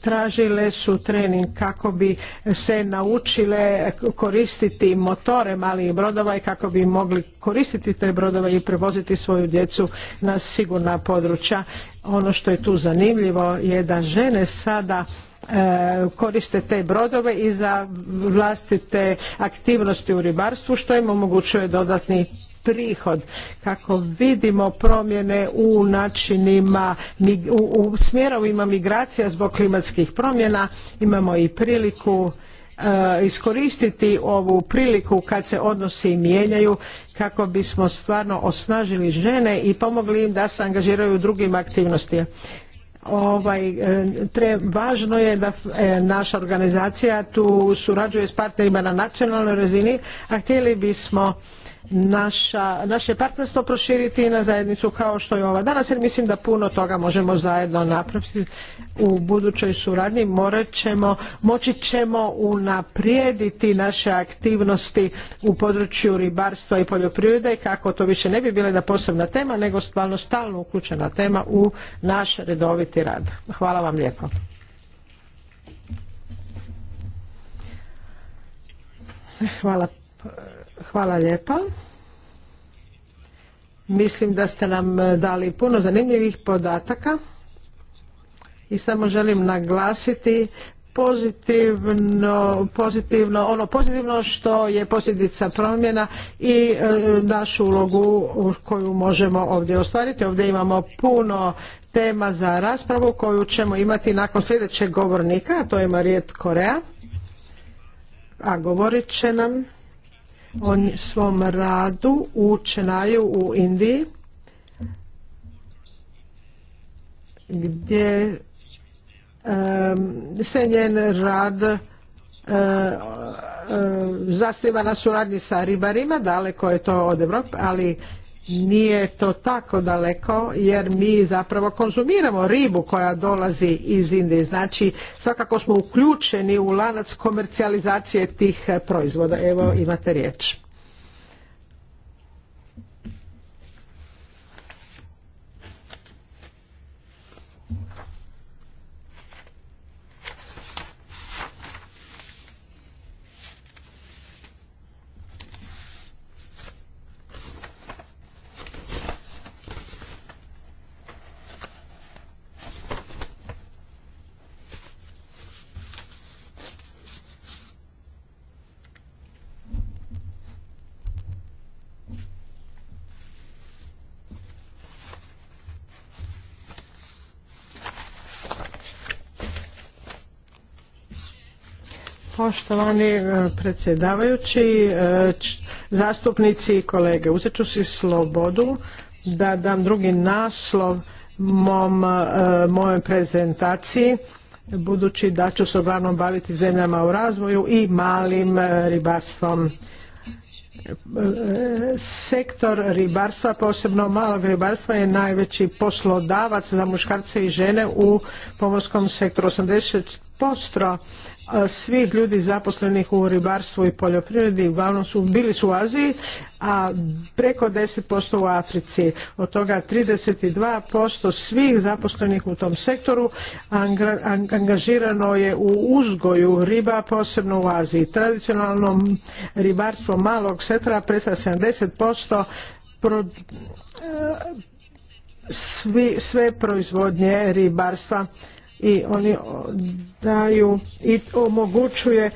tražile su trening kako bi se naučile koristiti motore malih brodova i kako bi mogli koristiti te brodove i prevoziti svoju djecu na sigurna područja. Ono što je tu zanimljivo je da žene sada e, koriste te brodove i za vlastite aktivnosti u ribarstvu što im omogućuje dodatni prihod kako vidimo promjene u načinima u smjerovima migracija zbog klimatskih promjena imamo i priliku eh, iskoristiti ovu priliku kad se odnosi mijenjaju kako bismo stvarno osnažili žene i pomogli im da se angažiraju u drugim aktivnostima. Ovaj, eh, tre, važno je da eh, naša organizacija tu surađuje s partnerima na nacionalnoj razini, a htjeli bismo naša, naše partnerstvo proširiti na zajednicu kao što je ova danas jer mislim da puno toga možemo zajedno napraviti u budućoj suradnji morat ćemo, moći ćemo unaprijediti naše aktivnosti u području ribarstva i poljoprivrede kako to više ne bi bila jedna posebna tema nego stvarno stalno uključena tema u naš redoviti rad. Hvala vam lijepo. Hvala Hvala lijepa. Mislim da ste nam e, dali puno zanimljivih podataka i samo želim naglasiti pozitivno, pozitivno, ono pozitivno što je posljedica promjena i e, našu ulogu koju možemo ovdje ostvariti. Ovdje imamo puno tema za raspravu koju ćemo imati nakon sljedećeg govornika, a to je Marijet Korea, a govorit će nam on svom radu u Čenaju u Indiji gdje se njen rad e, e, zasniva na suradnji sa ribarima, daleko je to od Europe, ali nije to tako daleko jer mi zapravo konzumiramo ribu koja dolazi iz Indije. Znači svakako smo uključeni u lanac komercijalizacije tih eh, proizvoda. Evo imate riječ. Poštovani e, predsjedavajući, e, zastupnici i kolege, uzet ću si slobodu da dam drugi naslov mom, e, mojoj prezentaciji budući da ću se uglavnom baviti zemljama u razvoju i malim ribarstvom. Sektor ribarstva, posebno malog ribarstva, je najveći poslodavac za muškarce i žene u pomorskom sektoru. 80% svih ljudi zaposlenih u ribarstvu i poljoprivredi uglavnom su bili su u Aziji, a preko 10% u Africi. Od toga 32% svih zaposlenih u tom sektoru angažirano je u uzgoju riba, posebno u Aziji. Tradicionalno ribarstvo malog setra predstavlja 70% pro, eh, sve proizvodnje ribarstva i oni daju i omogućuje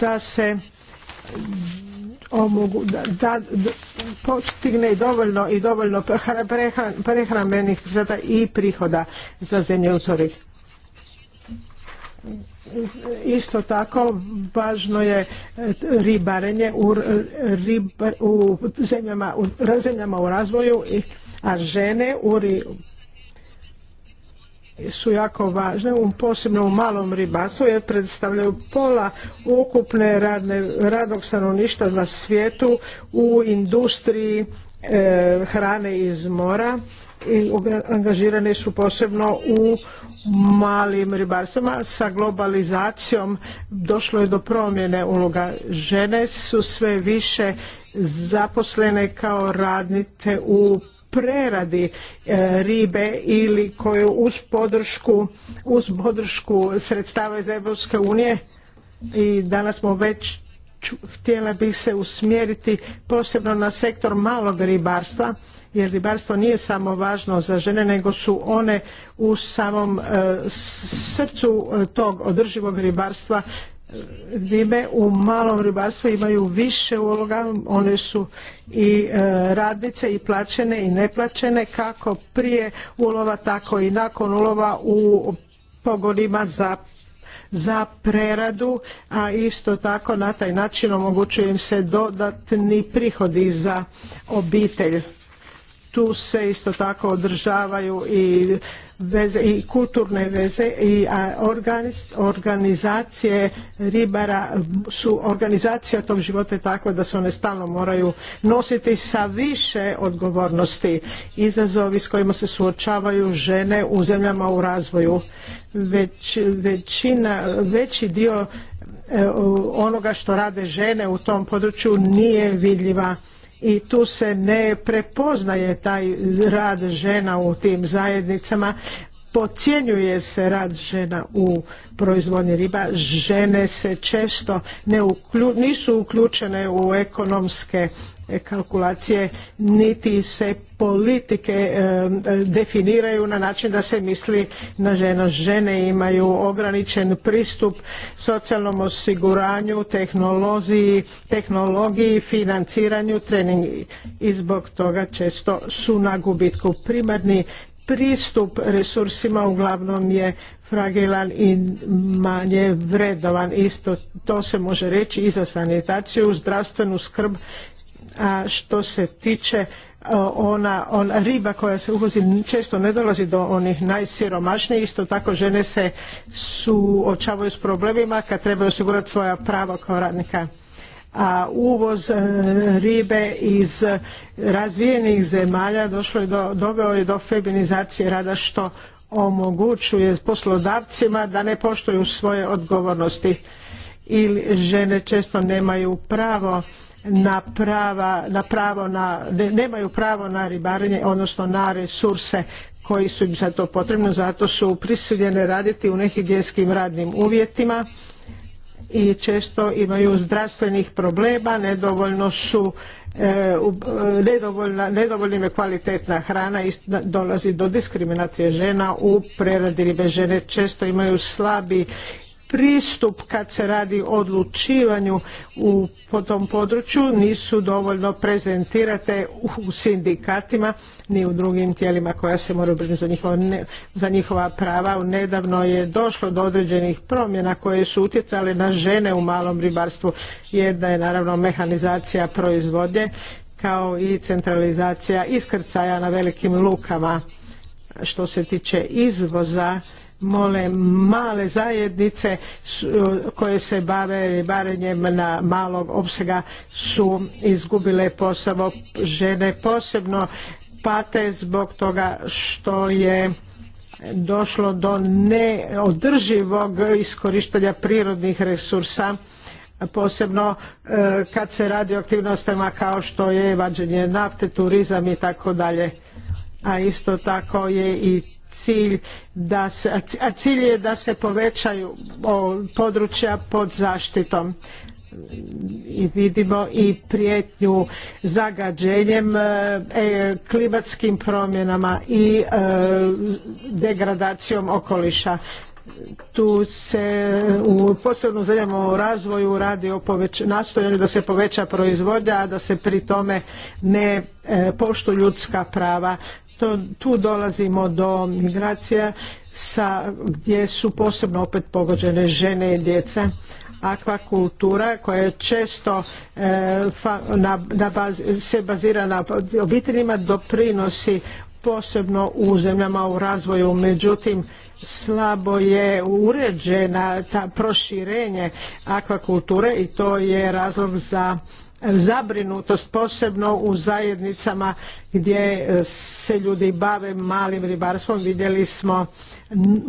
da se da, postigne i dovoljno i dovoljno prehrambenih zada i prihoda za zemlju. u Isto tako važno je e, ribarenje u, riba, u, zemljama, u zemljama u razvoju, a žene u su jako važne, posebno u malom ribarstvu jer predstavljaju pola ukupne radne, radnog stanovništva na svijetu u industriji e, hrane iz mora i angažirane su posebno u malim ribarstvima. Sa globalizacijom došlo je do promjene uloga. Žene su sve više zaposlene kao radnice u preradi e, ribe ili koju uz podršku, uz podršku sredstava iz Europske unije i danas smo već htjela bi se usmjeriti posebno na sektor malog ribarstva jer ribarstvo nije samo važno za žene nego su one u samom e, srcu e, tog održivog ribarstva ribe u malom ribarstvu imaju više uloga, one su i e, radnice i plaćene i neplaćene kako prije ulova tako i nakon ulova u pogonima za za preradu, a isto tako na taj način omogućuje im se dodatni prihodi za obitelj. Tu se isto tako održavaju i veze i kulturne veze i organizacije ribara su organizacija tog života tako da se one stalno moraju nositi sa više odgovornosti. Izazovi s kojima se suočavaju žene u zemljama u razvoju. Već, većina, veći dio e, onoga što rade žene u tom području nije vidljiva i tu se ne prepoznaje taj rad žena u tim zajednicama podcjenjuje se rad žena u proizvodnji riba žene se često ne nisu uključene u ekonomske kalkulacije niti se politike eh, definiraju na način da se misli na ženo. Žene imaju ograničen pristup socijalnom osiguranju, tehnologiji, tehnologiji, financiranju, trening i zbog toga često su na gubitku. Primarni pristup resursima uglavnom je fragilan i manje vredovan. Isto to se može reći i za sanitaciju, zdravstvenu skrb, a što se tiče ona, riba koja se uvozi često ne dolazi do onih najsiromašnijih, isto tako žene se suočavaju s problemima kad trebaju osigurati svoja prava kao radnika a uvoz e, ribe iz razvijenih zemalja došlo je do, doveo je do feminizacije rada što omogućuje poslodavcima da ne poštuju svoje odgovornosti ili žene često nemaju pravo na, prava, na pravo na, nemaju pravo na ribarenje, odnosno na resurse koji su im za to potrebno, zato su prisiljene raditi u nehigijenskim radnim uvjetima i često imaju zdravstvenih problema, nedovoljno su e, nedovoljna, je kvalitetna hrana i dolazi do diskriminacije žena u preradi ribe žene često imaju slabi pristup kad se radi o odlučivanju u, po tom području nisu dovoljno prezentirate u sindikatima ni u drugim tijelima koja se moraju brinuti za, njihova, ne, za njihova prava. Nedavno je došlo do određenih promjena koje su utjecale na žene u malom ribarstvu. Jedna je naravno mehanizacija proizvodnje kao i centralizacija iskrcaja na velikim lukama. Što se tiče izvoza mole male zajednice uh, koje se bave ribarenjem na malog opsega su izgubile posao žene posebno pate zbog toga što je došlo do neodrživog iskorištenja prirodnih resursa posebno uh, kad se radi o aktivnostima kao što je vađenje nafte, turizam i tako dalje. A isto tako je i cilj da se, a cilj je da se povećaju područja pod zaštitom i vidimo i prijetnju zagađenjem e, e, klimatskim promjenama i e, degradacijom okoliša tu se u posebnom zemljama u razvoju radi o nastojanju da se poveća proizvodnja a da se pri tome ne poštuju ljudska prava tu dolazimo do migracija sa, gdje su posebno opet pogođene žene i djeca akvakultura koja je često e, se bazira na obiteljima doprinosi posebno u zemljama u razvoju međutim slabo je uređena ta proširenje akvakulture i to je razlog za zabrinutost posebno u zajednicama gdje e, se ljudi bave malim ribarstvom vidjeli smo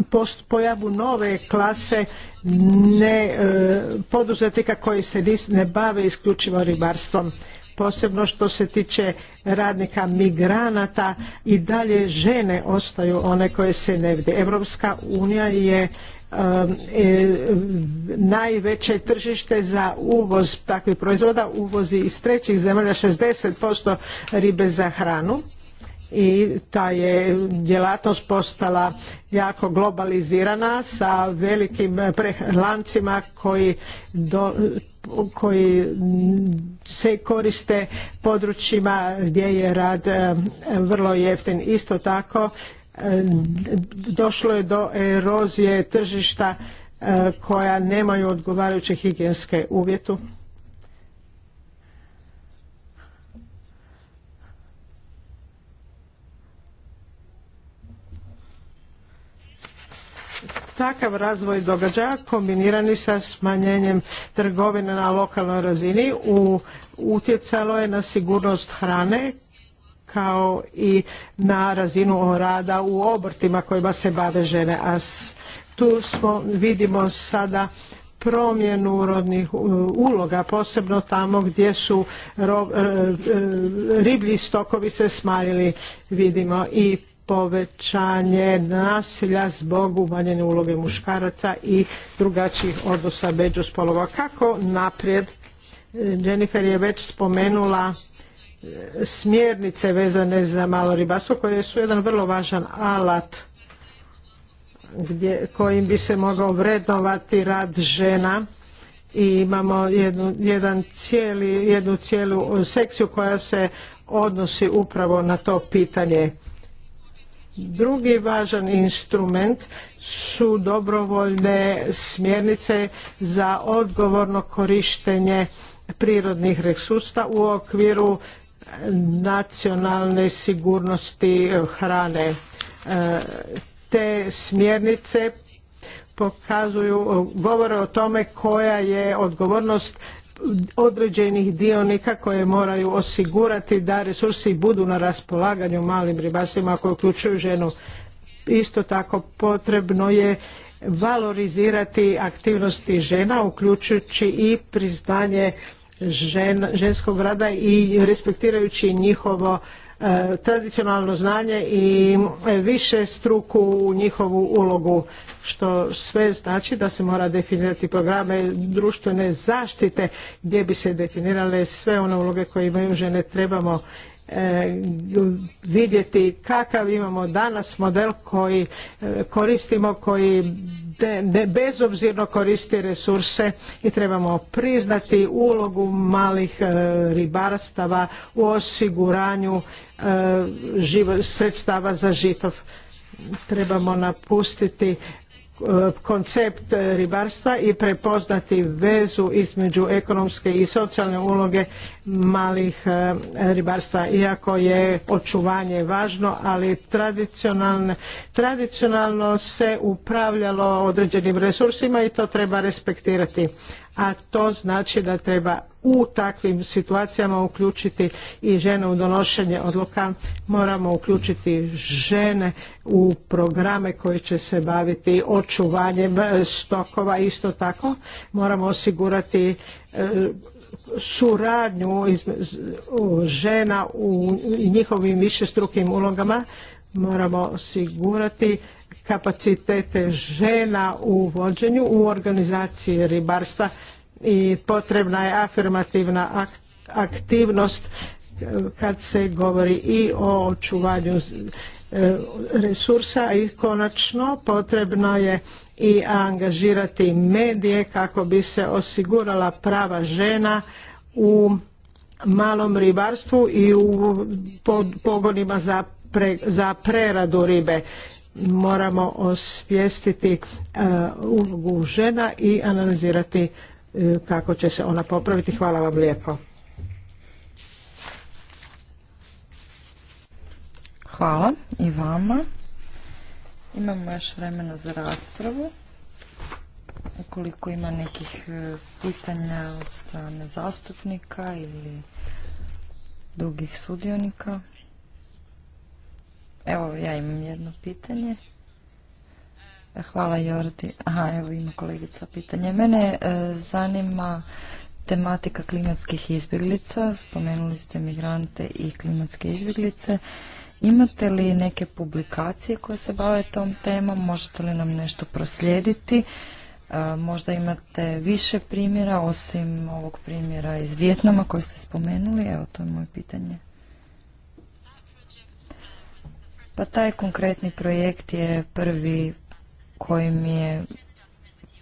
post pojavu nove klase ne e, poduzetnika koji se ne bave isključivo ribarstvom posebno što se tiče radnika migranata i dalje žene ostaju one koje se ne vide. Europska unija je Um, e, najveće tržište za uvoz takvih proizvoda uvozi iz trećih zemalja 60% ribe za hranu i ta je djelatnost postala jako globalizirana sa velikim lancima koji, koji se koriste područjima gdje je rad um, vrlo jeftin. Isto tako E, došlo je do erozije tržišta e, koja nemaju odgovarajuće higijenske uvjetu. Takav razvoj događaja kombinirani sa smanjenjem trgovine na lokalnoj razini utjecalo je na sigurnost hrane kao i na razinu rada u obrtima kojima se bave žene. A tu smo, vidimo sada promjenu rodnih uloga, posebno tamo gdje su e, e, riblji stokovi se smanjili, vidimo i povećanje nasilja zbog umanjene uloge muškaraca i drugačijih odnosa među spolova. Kako naprijed? Jennifer je već spomenula smjernice vezane za malo ribarstvo koje su jedan vrlo važan alat kojim bi se mogao vrednovati rad žena i imamo jednu, jedan cijeli, jednu cijelu sekciju koja se odnosi upravo na to pitanje. Drugi važan instrument su dobrovoljne smjernice za odgovorno korištenje prirodnih resursa u okviru nacionalne sigurnosti hrane. E, te smjernice pokazuju, govore o tome koja je odgovornost određenih dionika koje moraju osigurati da resursi budu na raspolaganju malim ribarstvima ako uključuju ženu. Isto tako potrebno je valorizirati aktivnosti žena uključujući i priznanje žen, ženskog rada i respektirajući njihovo e, tradicionalno znanje i e, više struku u njihovu ulogu, što sve znači da se mora definirati programe društvene zaštite gdje bi se definirale sve one uloge koje imaju žene. Trebamo E, vidjeti kakav imamo danas model koji e, koristimo, koji bezobzirno koristi resurse i trebamo priznati ulogu malih e, ribarstava u osiguranju sredstava za žitov trebamo napustiti Eh, koncept ribarstva i prepoznati vezu između ekonomske i socijalne uloge malih eh, ribarstva. Iako je očuvanje važno, ali tradicionalno, tradicionalno se upravljalo određenim resursima i to treba respektirati a to znači da treba u takvim situacijama uključiti i žene u donošenje odluka. Moramo uključiti žene u programe koji će se baviti očuvanjem e, stokova. Isto tako moramo osigurati e, suradnju žena u njihovim višestrukim ulogama moramo osigurati kapacitete žena u vođenju u organizaciji ribarstva i potrebna je afirmativna aktivnost eh, kad se govori i o očuvanju eh, resursa i konačno potrebno je i angažirati medije kako bi se osigurala prava žena u malom ribarstvu i u pogonima za, preradu ribe moramo osvijestiti e, ulogu žena i analizirati e, kako će se ona popraviti. Hvala vam lijepo. Hvala i vama. Imamo još vremena za raspravu. Ukoliko ima nekih e, pitanja od strane zastupnika ili drugih sudionika. Evo, ja imam jedno pitanje. Hvala Jordi. Aha, evo ima kolegica pitanje. Mene e, zanima tematika klimatskih izbjeglica. Spomenuli ste migrante i klimatske izbjeglice. Imate li neke publikacije koje se bave tom temom? Možete li nam nešto proslijediti? E, možda imate više primjera osim ovog primjera iz Vjetnama koji ste spomenuli. Evo, to je moje pitanje. Pa taj konkretni projekt je prvi koji mi je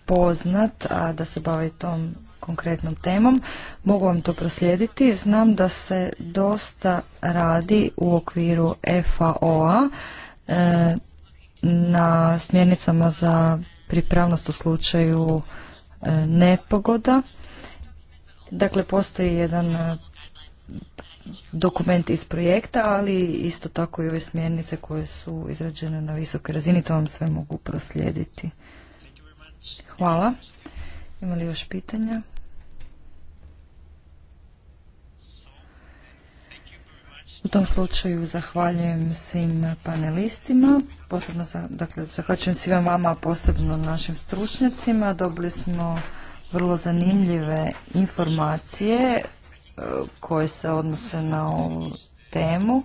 poznat, a da se bavi tom konkretnom temom. Mogu vam to proslijediti. Znam da se dosta radi u okviru FAO-a e, na smjernicama za pripravnost u slučaju e, nepogoda. Dakle, postoji jedan dokumente iz projekta, ali isto tako i ove smjernice koje su izrađene na visokoj razini, to vam sve mogu proslijediti. Hvala. Ima li još pitanja? U tom slučaju zahvaljujem svim panelistima, posebno dakle, zahvaljujem svima vama, posebno našim stručnjacima. Dobili smo vrlo zanimljive informacije koje se odnose na ovu temu.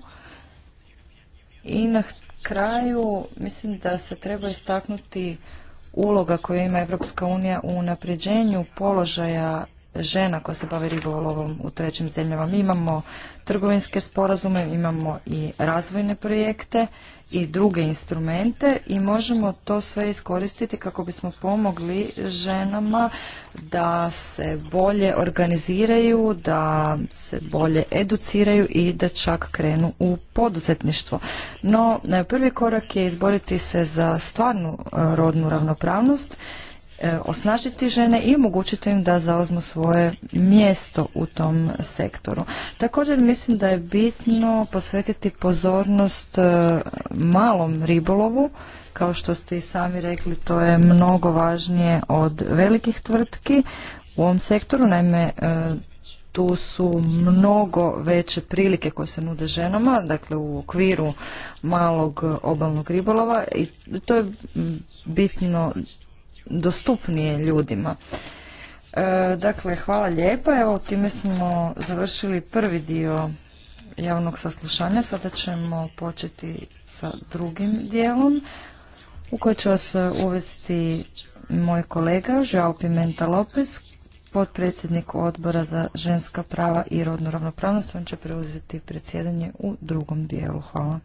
I na kraju mislim da se treba istaknuti uloga koju ima Europska unija u napređenju položaja žena koja se bave ribolovom u trećim zemljama. Mi imamo trgovinske sporazume, imamo i razvojne projekte i druge instrumente i možemo to sve iskoristiti kako bismo pomogli ženama da se bolje organiziraju, da se bolje educiraju i da čak krenu u poduzetništvo. No, prvi korak je izboriti se za stvarnu eh, rodnu ravnopravnost E, osnažiti žene i omogućiti im da zauzmu svoje mjesto u tom sektoru. Također mislim da je bitno posvetiti pozornost e, malom ribolovu. Kao što ste i sami rekli, to je mnogo važnije od velikih tvrtki u ovom sektoru. Naime, e, tu su mnogo veće prilike koje se nude ženama, dakle u okviru malog obalnog ribolova i to je bitno dostupnije ljudima. E, dakle, hvala lijepa. Evo, time smo završili prvi dio javnog saslušanja. Sada ćemo početi sa drugim dijelom u koji će vas e, uvesti moj kolega Žao Pimenta Lopez, potpredsjednik odbora za ženska prava i rodnu ravnopravnost. On će preuzeti predsjedanje u drugom dijelu. Hvala.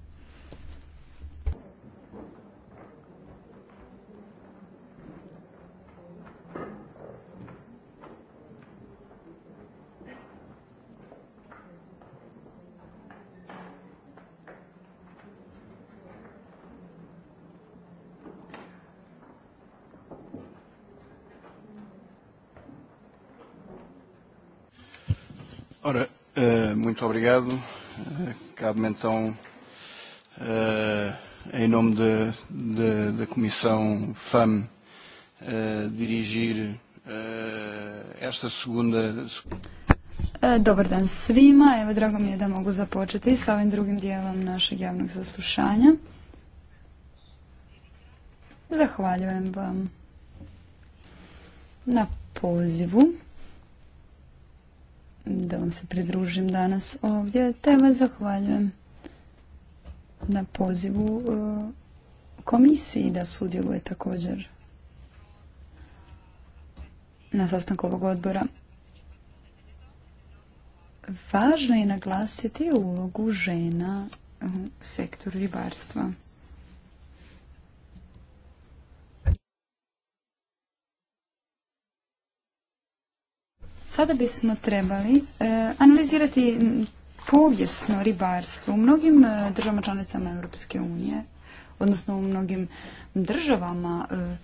Ora, uh, muito obrigado. Uh, Cabe-me então, eh, em nome de, da Comissão FAM, dirigir esta segunda... Dobar dan svima. Evo, drago mi je da mogu započeti sa ovim drugim dijelom našeg javnog zaslušanja. Zahvaljujem vam na pozivu da vam se pridružim danas ovdje, te vas zahvaljujem na pozivu uh, komisiji da sudjeluje također na sastanku ovog odbora. Važno je naglasiti ulogu žena u sektoru ribarstva. Sada bismo trebali e, analizirati povijesno ribarstvo u mnogim e, državama članicama Europske unije, odnosno u mnogim državama e,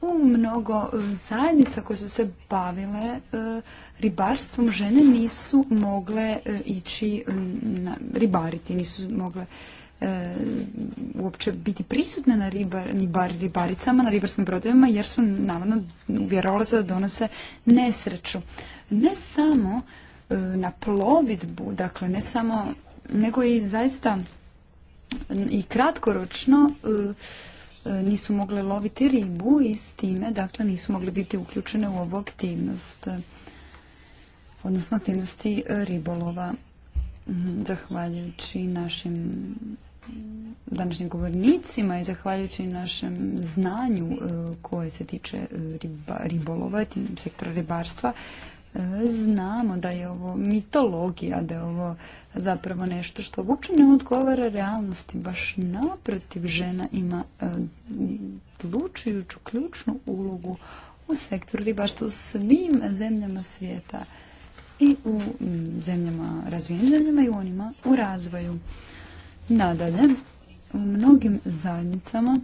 u mnogo zajednica koje su se bavile ribarstvom žene nisu mogle ići ribariti, nisu mogle E, uopće biti prisutne na ribaricama, na ribarskim brodovima jer su navodno uvjerovali se da donose nesreću. Ne samo e, na plovidbu, dakle ne samo, nego i zaista i kratkoročno e, nisu mogle loviti ribu i s time dakle nisu mogle biti uključene u ovu aktivnost odnosno aktivnosti ribolova mhm, zahvaljujući našim današnjim govornicima i zahvaljujući našem znanju e, koje se tiče e, ribolova ribolova, sektora ribarstva, e, znamo da je ovo mitologija, da je ovo zapravo nešto što uopće ne odgovara realnosti. Baš naprotiv, žena ima odlučujuću ključnu ulogu u sektoru ribarstva u svim zemljama svijeta i u zemljama, razvijenim zemljama i u onima u razvoju. Nadalje, u mnogim zajednicama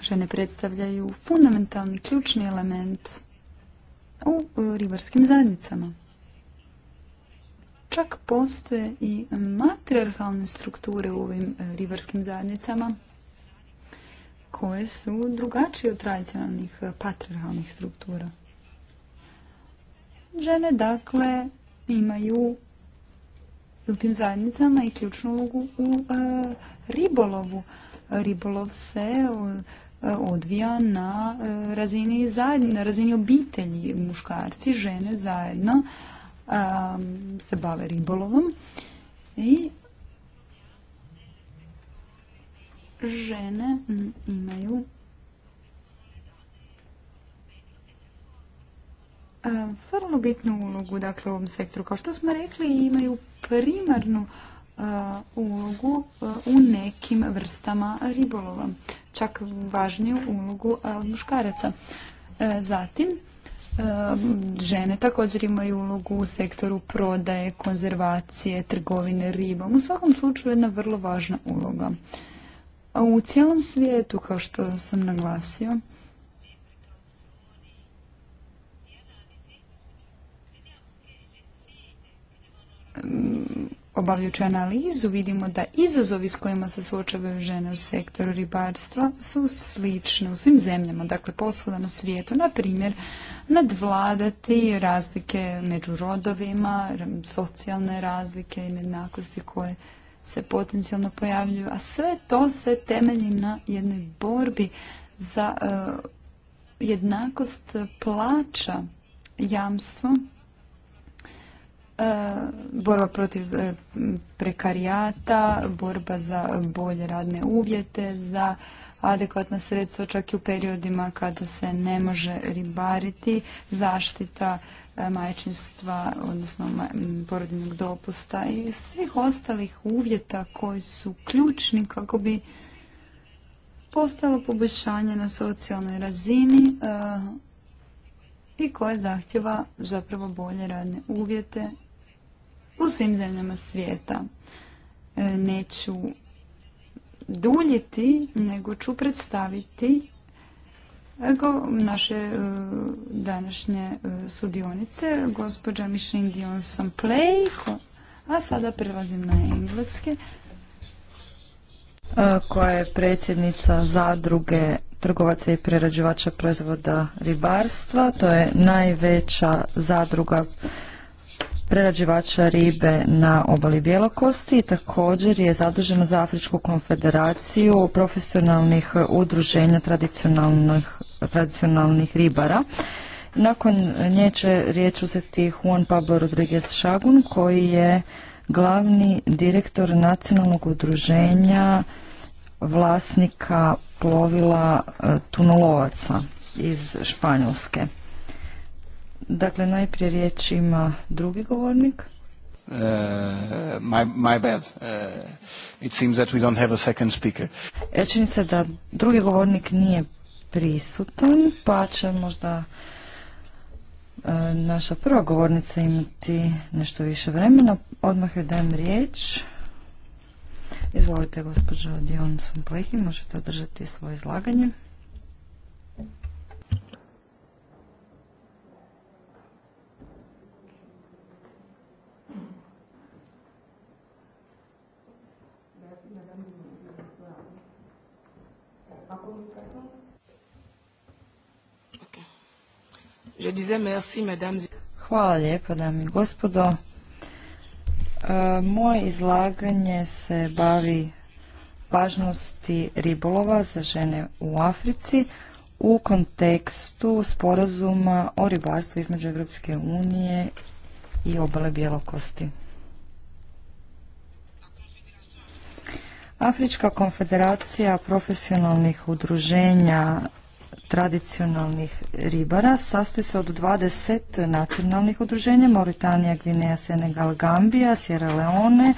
žene predstavljaju fundamentalni ključni element u ribarskim zajednicama. Čak postoje i matriarhalne strukture u ovim e, ribarskim zajednicama koje su drugačije od tradicionalnih e, patriarhalnih struktura. Žene, dakle, imaju u tim zajednicama i ključnu ulogu u e, ribolovu. Ribolov se e, odvija na e, razini, zajedni, na razini obitelji. Muškarci, žene zajedno se bave ribolovom i žene imaju vrlo bitnu ulogu dakle, u ovom sektoru. Kao što smo rekli, imaju primarnu ulogu u nekim vrstama ribolova. Čak važniju ulogu muškaraca. Zatim, žene također imaju ulogu u sektoru prodaje, konzervacije, trgovine ribom. U svakom slučaju jedna vrlo važna uloga. U cijelom svijetu, kao što sam naglasio, Mm, obavljući analizu vidimo da izazovi s kojima se suočavaju žene u sektoru ribarstva su slične u svim zemljama, dakle posvuda na svijetu, na primjer nadvladati razlike među rodovima, socijalne razlike i nejednakosti koje se potencijalno pojavljuju, a sve to se temelji na jednoj borbi za e, jednakost plaća, jamstvo E, borba protiv e, prekarijata, borba za bolje radne uvjete, za adekvatna sredstva čak i u periodima kada se ne može ribariti, zaštita e, majčinstva, odnosno porodinog dopusta i svih ostalih uvjeta koji su ključni kako bi postalo poboljšanje na socijalnoj razini i koje zahtjeva zapravo bolje radne uvjete u svim zemljama svijeta. E, neću duljiti, nego ću predstaviti e, naše e, današnje sudionice, gospođa Michelle Dion Samplej, a sada prelazim na engleske, koja je predsjednica zadruge trgovaca i prerađivača proizvoda ribarstva. To je najveća zadruga prerađivača ribe na obali Bjelokosti i također je zadužena za Afričku konfederaciju profesionalnih udruženja tradicionalnih, tradicionalnih ribara. Nakon nje će riječ uzeti Juan Pablo Rodriguez Šagun koji je glavni direktor nacionalnog udruženja vlasnika plovila e, tunolovaca iz Španjolske. Dakle, najprije riječ ima drugi govornik. Uh, my, bad. Uh, it seems that we don't have a second speaker. E, se da drugi govornik nije prisutan, pa će možda uh, naša prva govornica imati nešto više vremena. Odmah joj dajem riječ. Izvolite, gospođo Dion Plehi, možete održati svoje izlaganje. Hvala lijepo, dame i gospodo. E, moje izlaganje se bavi važnosti ribolova za žene u Africi u kontekstu sporazuma o ribarstvu između Europske unije i obale Bjelokosti. Afrička konfederacija profesionalnih udruženja tradicionalnih ribara sastoji se od 20 nacionalnih udruženja Mauritanija, Gvineja, Senegal, Gambija, Sierra Leone,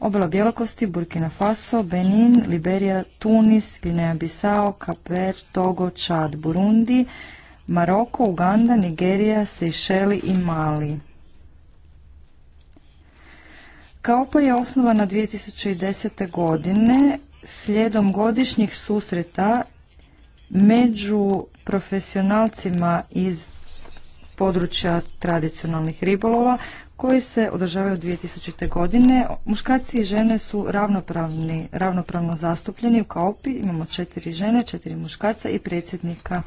Obala Bjelokosti, Burkina Faso, Benin, Liberija, Tunis, Gvineja Bisao, Kaper, Togo, Čad, Burundi, Maroko, Uganda, Nigerija, Sejšeli i Mali. pa je osnovana 2010. godine slijedom godišnjih susreta među profesionalcima iz područja tradicionalnih ribolova koji se održavaju 2000. godine. Muškarci i žene su ravnopravni, ravnopravno zastupljeni u Kaopi. Imamo četiri žene, četiri muškarca i predsjednika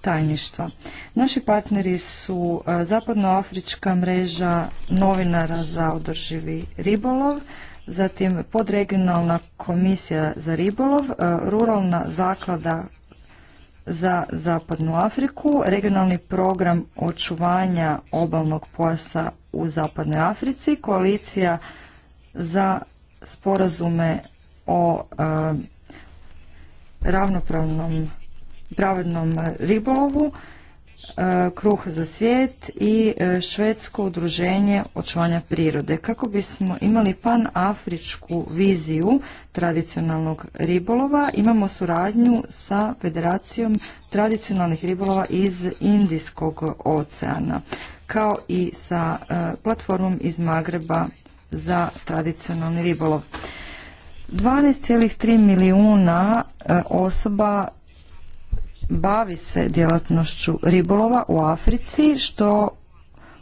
tajništva. Naši partneri su e, Zapadnoafrička mreža novinara za održivi ribolov, zatim podregionalna komisija za ribolov, e, ruralna zaklada za Zapadnu Afriku, regionalni program očuvanja obalnog pojasa u Zapadnoj Africi, koalicija za sporazume o e, ravnopravnom pravednom ribolovu, E, kruh za svijet i e, Švedsko udruženje očuvanja prirode. Kako bismo imali panafričku viziju tradicionalnog ribolova, imamo suradnju sa Federacijom tradicionalnih ribolova iz Indijskog oceana, kao i sa e, platformom iz Magreba za tradicionalni ribolov. 12,3 milijuna osoba bavi se djelatnošću ribolova u Africi što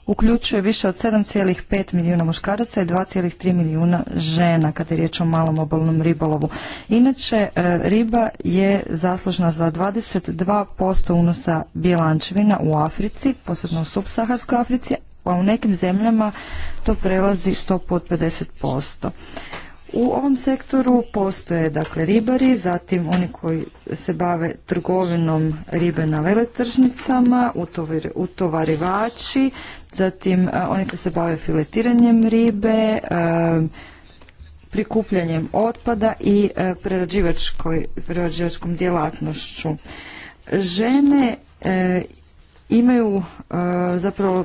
uključuje više od 7,5 milijuna muškaraca i 2,3 milijuna žena kada je riječ o malom obalnom ribolovu. Inače, e, riba je zaslužna za 22% unosa bjelančevina u Africi, posebno u subsaharskoj Africi, a u nekim zemljama to prelazi 100% pod 50%. U ovom sektoru postoje dakle ribari, zatim oni koji se bave trgovinom ribe na veletržnicama, utovarivači, zatim e, oni koji se bave filetiranjem ribe, e, prikupljanjem otpada i e, prerađivačkom djelatnošću. Žene imaju zapravo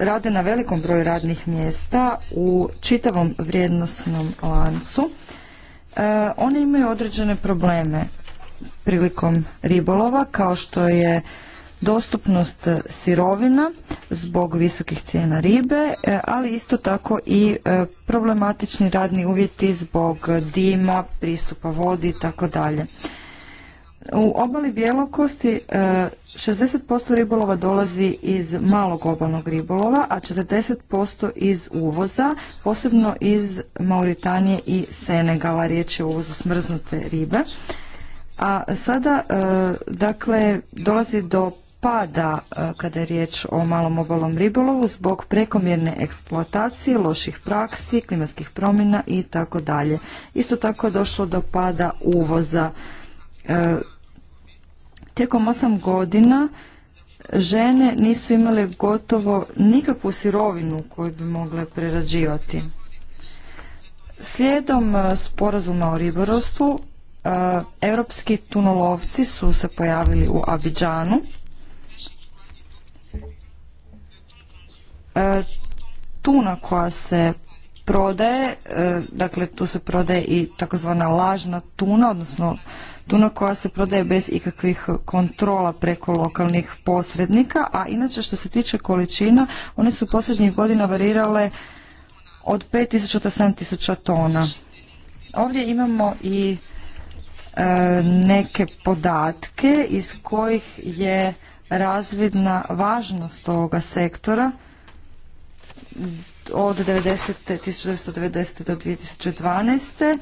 rade na velikom broju radnih mjesta u čitavom vrijednosnom lancu. E, oni imaju određene probleme prilikom ribolova kao što je dostupnost sirovina zbog visokih cijena ribe, e, ali isto tako i e, problematični radni uvjeti zbog dima, pristupa vodi i tako dalje. U obali Bjelokosti 60% e, ribolova dolazi iz malog obalnog ribolova, a 40% iz uvoza, posebno iz Mauritanije i Senegala, riječ je o uvozu smrznute ribe. A sada, e, dakle, dolazi do pada e, kada je riječ o malom obalnom ribolovu zbog prekomjerne eksploatacije, loših praksi, klimatskih promjena i tako dalje. Isto tako je došlo do pada uvoza Tijekom osam godina žene nisu imale gotovo nikakvu sirovinu koju bi mogle prerađivati. Slijedom e, sporazuma o ribarostvu, e, europski tunolovci su se pojavili u Abidžanu. E, tuna koja se prodaje, e, dakle tu se prodaje i takozvana lažna tuna, odnosno tuna koja se prodaje bez ikakvih kontrola preko lokalnih posrednika, a inače što se tiče količina, one su posljednjih godina varirale od 5000 do 7000 tona. Ovdje imamo i e, neke podatke iz kojih je razvidna važnost ovoga sektora od 1990. do 2012.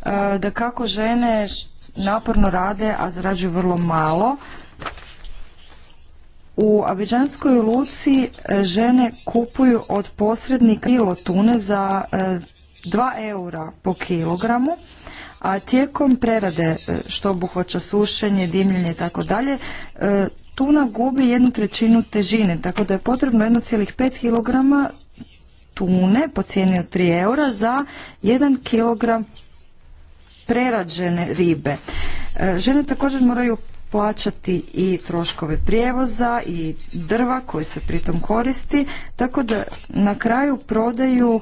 E, da kako žene naporno rade, a zarađuju vrlo malo. U Abidžanskoj luci e, žene kupuju od posrednika kilo tune za 2 e, eura po kilogramu, a tijekom prerade što obuhvaća sušenje, dimljenje i tako dalje, tuna gubi jednu trećinu težine, tako da je potrebno 1,5 kg tune po cijeni od 3 eura za 1 kg prerađene ribe. E, žene također moraju plaćati i troškove prijevoza i drva koji se pritom koristi, tako da na kraju prodaju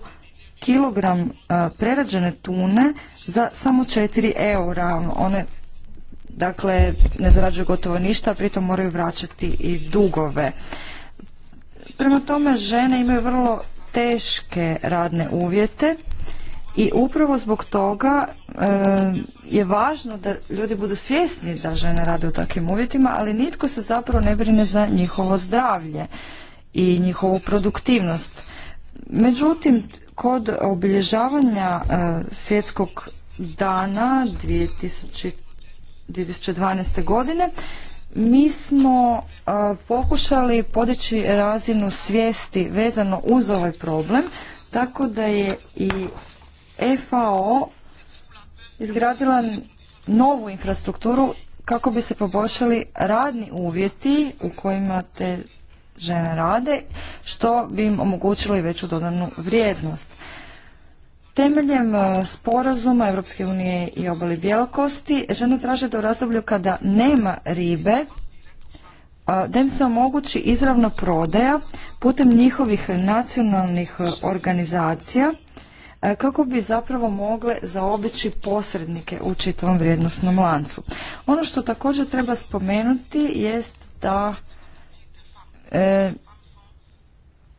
kilogram e, prerađene tune za samo 4 eura. Ono, one dakle ne zarađuju gotovo ništa, a pritom moraju vraćati i dugove. Prema tome, žene imaju vrlo teške radne uvjete i upravo zbog toga e, je važno da ljudi budu svjesni da žene rade u takvim uvjetima, ali nitko se zapravo ne brine za njihovo zdravlje i njihovu produktivnost. Međutim, kod obilježavanja e, svjetskog dana 2000 2012. godine, mi smo pokušali podići razinu svijesti vezano uz ovaj problem, tako da je i FAO izgradila novu infrastrukturu kako bi se poboljšali radni uvjeti u kojima te žene rade, što bi im omogućilo i veću dodanu vrijednost. Temeljem e, sporazuma Europske unije i obali bjelokosti, žene traže da u razdoblju kada nema ribe, e, da im se omogući izravno prodaja putem njihovih nacionalnih organizacija e, kako bi zapravo mogle zaobići posrednike u čitavom vrijednostnom lancu. Ono što također treba spomenuti jest da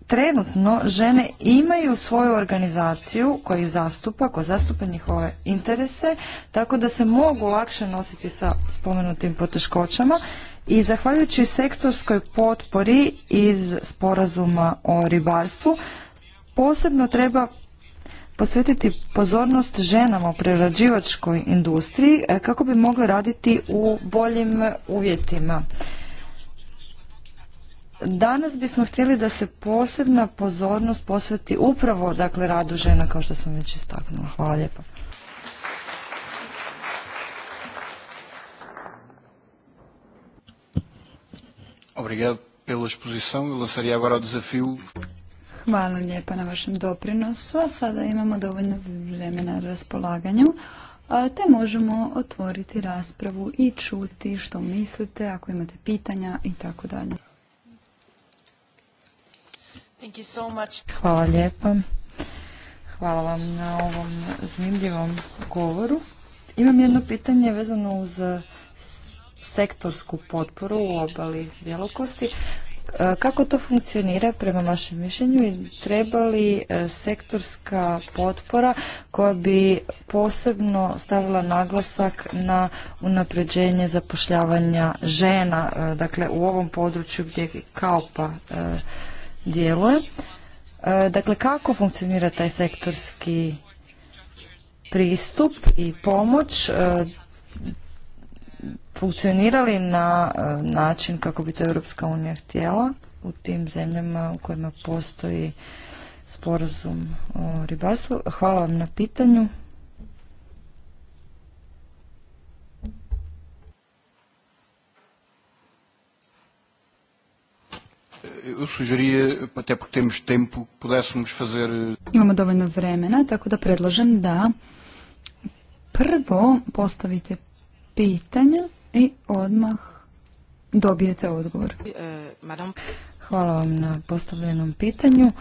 trenutno žene imaju svoju organizaciju koja ih zastupa, koja zastupa njihove interese, tako da se mogu lakše nositi sa spomenutim poteškoćama i zahvaljujući sektorskoj potpori iz sporazuma o ribarstvu posebno treba posvetiti pozornost ženama u prerađivačkoj industriji e, kako bi mogle raditi u boljim uvjetima. Danas bismo htjeli da se posebna pozornost posveti upravo dakle, radu žena kao što sam već istaknula. Hvala lijepa. Obrigado pela Hvala lijepa na vašem doprinosu. A sada imamo dovoljno vremena na raspolaganju, te možemo otvoriti raspravu i čuti što mislite, ako imate pitanja i tako dalje. Hvala lijepa. Hvala vam na ovom zanimljivom govoru. Imam jedno pitanje vezano uz eh, sektorsku potporu u obali djelokosti. Eh, kako to funkcionira prema vašem mišljenju? i Treba li eh, sektorska potpora koja bi posebno stavila naglasak na unapređenje zapošljavanja žena, dakle u ovom području gdje je pa djeluje. E, dakle, kako funkcionira taj sektorski pristup i pomoć? E, funkcionirali na e, način kako bi to Europska unija htjela u tim zemljama u kojima postoji sporazum o ribarstvu? Hvala vam na pitanju. eu sugeria, até porque temos tempo, pudéssemos fazer... Eh, Imamo dovoljno vremena, tako da predlažem da prvo postavite pitanja i odmah dobijete odgovor. Eh, Hvala vam na postavljenom pitanju.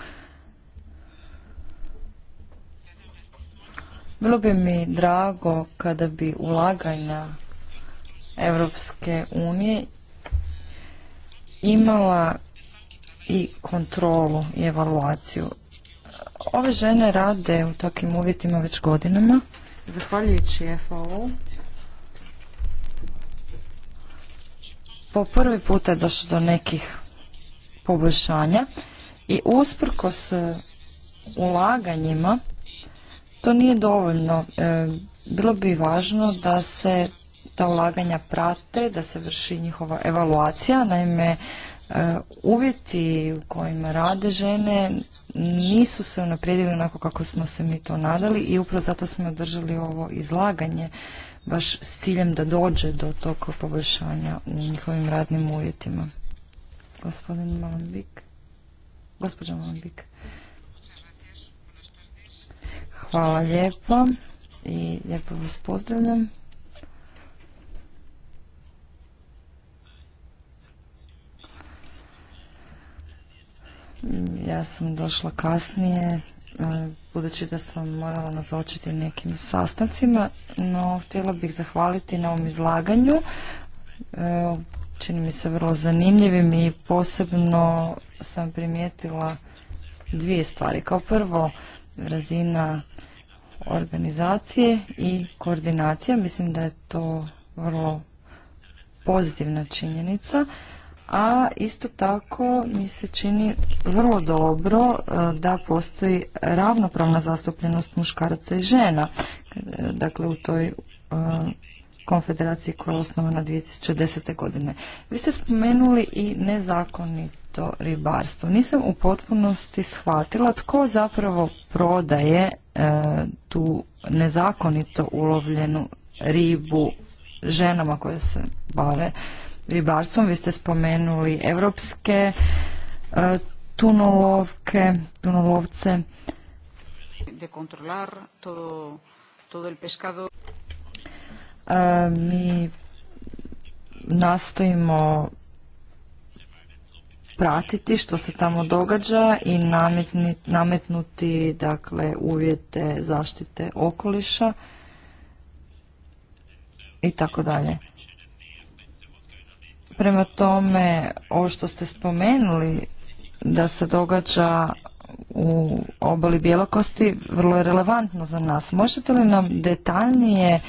Bilo bi mi drago kada bi ulaganja Evropske unije imala i kontrolu i evaluaciju. Ove žene rade u takvim uvjetima već godinama. Zahvaljujući FAO po prvi puta je došlo do nekih poboljšanja i usprkos e, ulaganjima to nije dovoljno. E, bilo bi važno da se ta ulaganja prate, da se vrši njihova evaluacija. Naime, uvjeti u kojima rade žene nisu se unaprijedili onako kako smo se mi to nadali i upravo zato smo održali ovo izlaganje baš s ciljem da dođe do tog poboljšanja u njihovim radnim uvjetima. Gospodin Malambik. Gospođa Malambik. Hvala lijepo i lijepo vas pozdravljam. Ja sam došla kasnije, e, budući da sam morala nazočiti nekim sastancima, no htjela bih zahvaliti na ovom izlaganju. E, čini mi se vrlo zanimljivim i posebno sam primijetila dvije stvari. Kao prvo, razina organizacije i koordinacija. Mislim da je to vrlo pozitivna činjenica a isto tako mi se čini vrlo dobro e, da postoji ravnopravna zastupljenost muškaraca i žena, dakle u toj e, konfederaciji koja je osnovana 2010. godine. Vi ste spomenuli i nezakonito ribarstvo. Nisam u potpunosti shvatila tko zapravo prodaje e, tu nezakonito ulovljenu ribu ženama koje se bave ribarstvom. Vi ste spomenuli evropske e, tunolovke, tunolovce. De todo, e, Mi nastojimo pratiti što se tamo događa i nametnuti dakle uvjete zaštite okoliša i tako dalje. Prema tome, ovo što ste spomenuli da se događa u obali Bjelokosti vrlo je relevantno za nas. Možete li nam detaljnije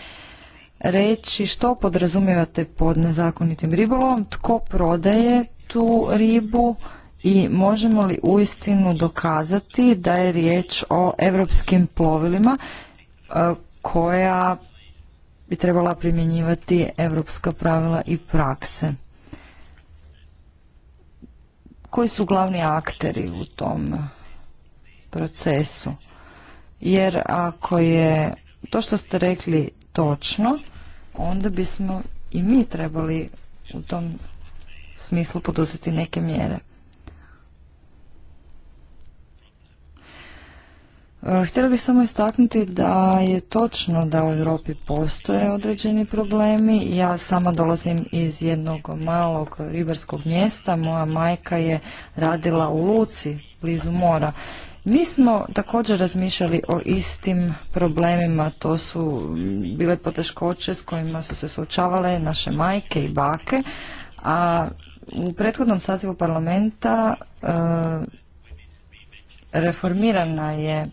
reći što podrazumijevate pod nezakonitim ribolovom, tko prodaje tu ribu i možemo li uistinu dokazati da je riječ o europskim plovilima e, koja bi trebala primjenjivati evropska pravila i prakse koji su glavni akteri u tom procesu. Jer ako je to što ste rekli točno, onda bismo i mi trebali u tom smislu poduzeti neke mjere. Eh, htjela bih samo istaknuti da je točno da u Europi postoje određeni problemi. Ja sama dolazim iz jednog malog ribarskog mjesta. Moja majka je radila u Luci, blizu mora. Mi smo također razmišljali o istim problemima, to su bile poteškoće s kojima su se suočavale naše majke i bake, a u prethodnom sazivu parlamenta eh, reformirana je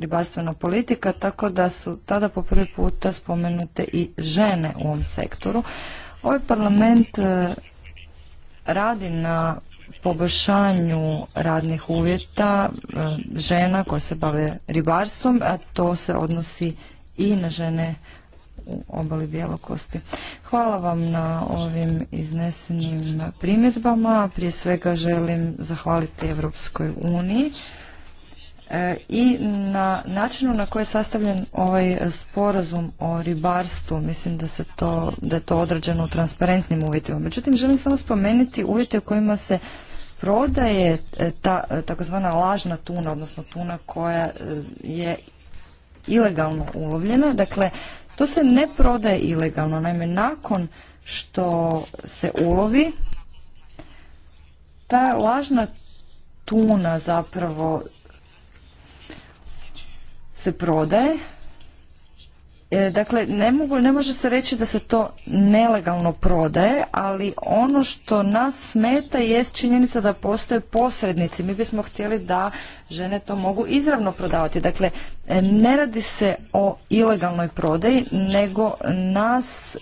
ribarstvena politika, tako da su tada po prvi puta spomenute i žene u ovom sektoru. Ovaj parlament e, radi na poboljšanju radnih uvjeta e, žena koje se bave ribarstvom, a to se odnosi i na žene u obali Bjelokosti. Hvala vam na ovim iznesenim primjedbama. Prije svega želim zahvaliti Europskoj uniji E, i na načinu na koji je sastavljen ovaj sporazum o ribarstvu. Mislim da, se to, da je to određeno u transparentnim uvjetima. Međutim, želim samo spomenuti uvjete u kojima se prodaje e, ta e, takozvana lažna tuna, odnosno tuna koja je ilegalno ulovljena. Dakle, to se ne prodaje ilegalno. Naime, nakon što se ulovi, ta lažna tuna zapravo se prodaje. E, dakle, ne, mogu, ne može se reći da se to nelegalno prodaje, ali ono što nas smeta je činjenica da postoje posrednici. Mi bismo htjeli da žene to mogu izravno prodavati. Dakle, e, ne radi se o ilegalnoj prodaji, nego nas e,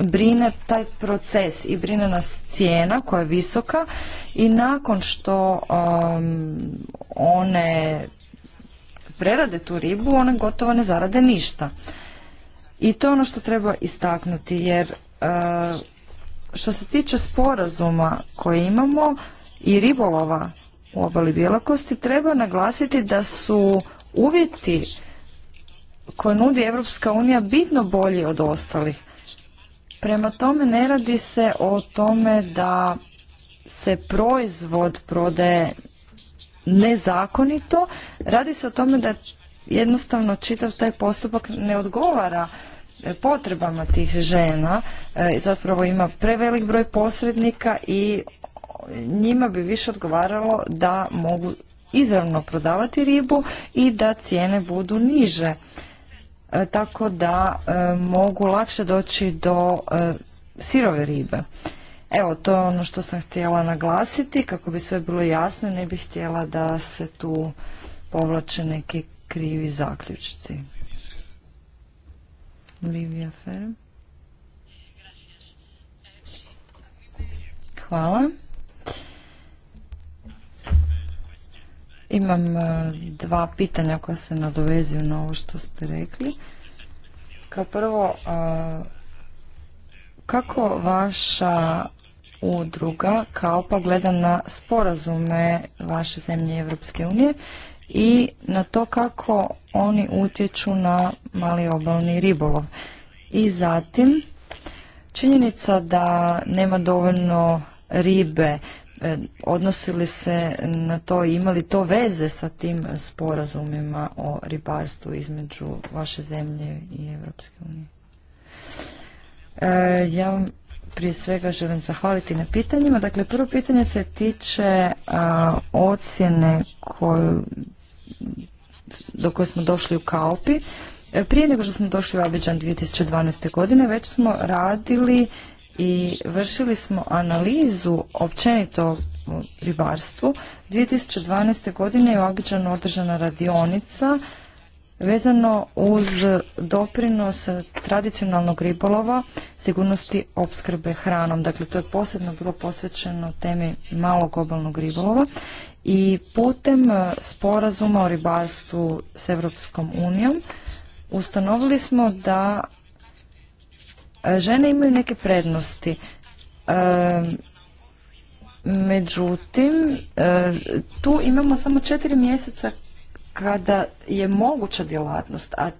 brine taj proces i brine nas cijena koja je visoka i nakon što um, one prerade tu ribu, one gotovo ne zarade ništa. I to je ono što treba istaknuti, jer e, što se tiče sporazuma koje imamo i ribolova u obali Bjelakosti, treba naglasiti da su uvjeti koje nudi Evropska unija bitno bolji od ostalih. Prema tome ne radi se o tome da se proizvod prodaje nezakonito. Radi se o tome da jednostavno čitav taj postupak ne odgovara e, potrebama tih žena. E, zapravo ima prevelik broj posrednika i njima bi više odgovaralo da mogu izravno prodavati ribu i da cijene budu niže. E, tako da mogu lakše doći do sirove ribe. Evo, to je ono što sam htjela naglasiti, kako bi sve bilo jasno ne bih htjela da se tu povlače neki krivi zaključci. Livia Ferm. Hvala. Imam e, dva pitanja koja se nadovezuju na ovo što ste rekli. Kao prvo, e, kako vaša udruga kao pa gleda na sporazume vaše zemlje Evropske unije i na to kako oni utječu na mali obalni ribolov. I zatim činjenica da nema dovoljno ribe e, odnosili se na to i imali to veze sa tim sporazumima o ribarstvu između vaše zemlje i Evropske unije. E, ja vam prije svega želim zahvaliti na pitanjima. Dakle, prvo pitanje se tiče ocjene koju, do koje smo došli u Kaopi. E, prije nego što smo došli u Abidjan 2012. godine, već smo radili i vršili smo analizu općenito ribarstvu. 2012. godine je u Abidjanu održana radionica vezano uz doprinos tradicionalnog ribolova sigurnosti opskrbe hranom. Dakle, to je posebno bilo posvećeno temi malog obalnog ribolova i putem sporazuma o ribarstvu s Europskom unijom ustanovili smo da e, žene imaju neke prednosti. E, međutim, e, tu imamo samo četiri mjeseca kada je moguća djelatnost, a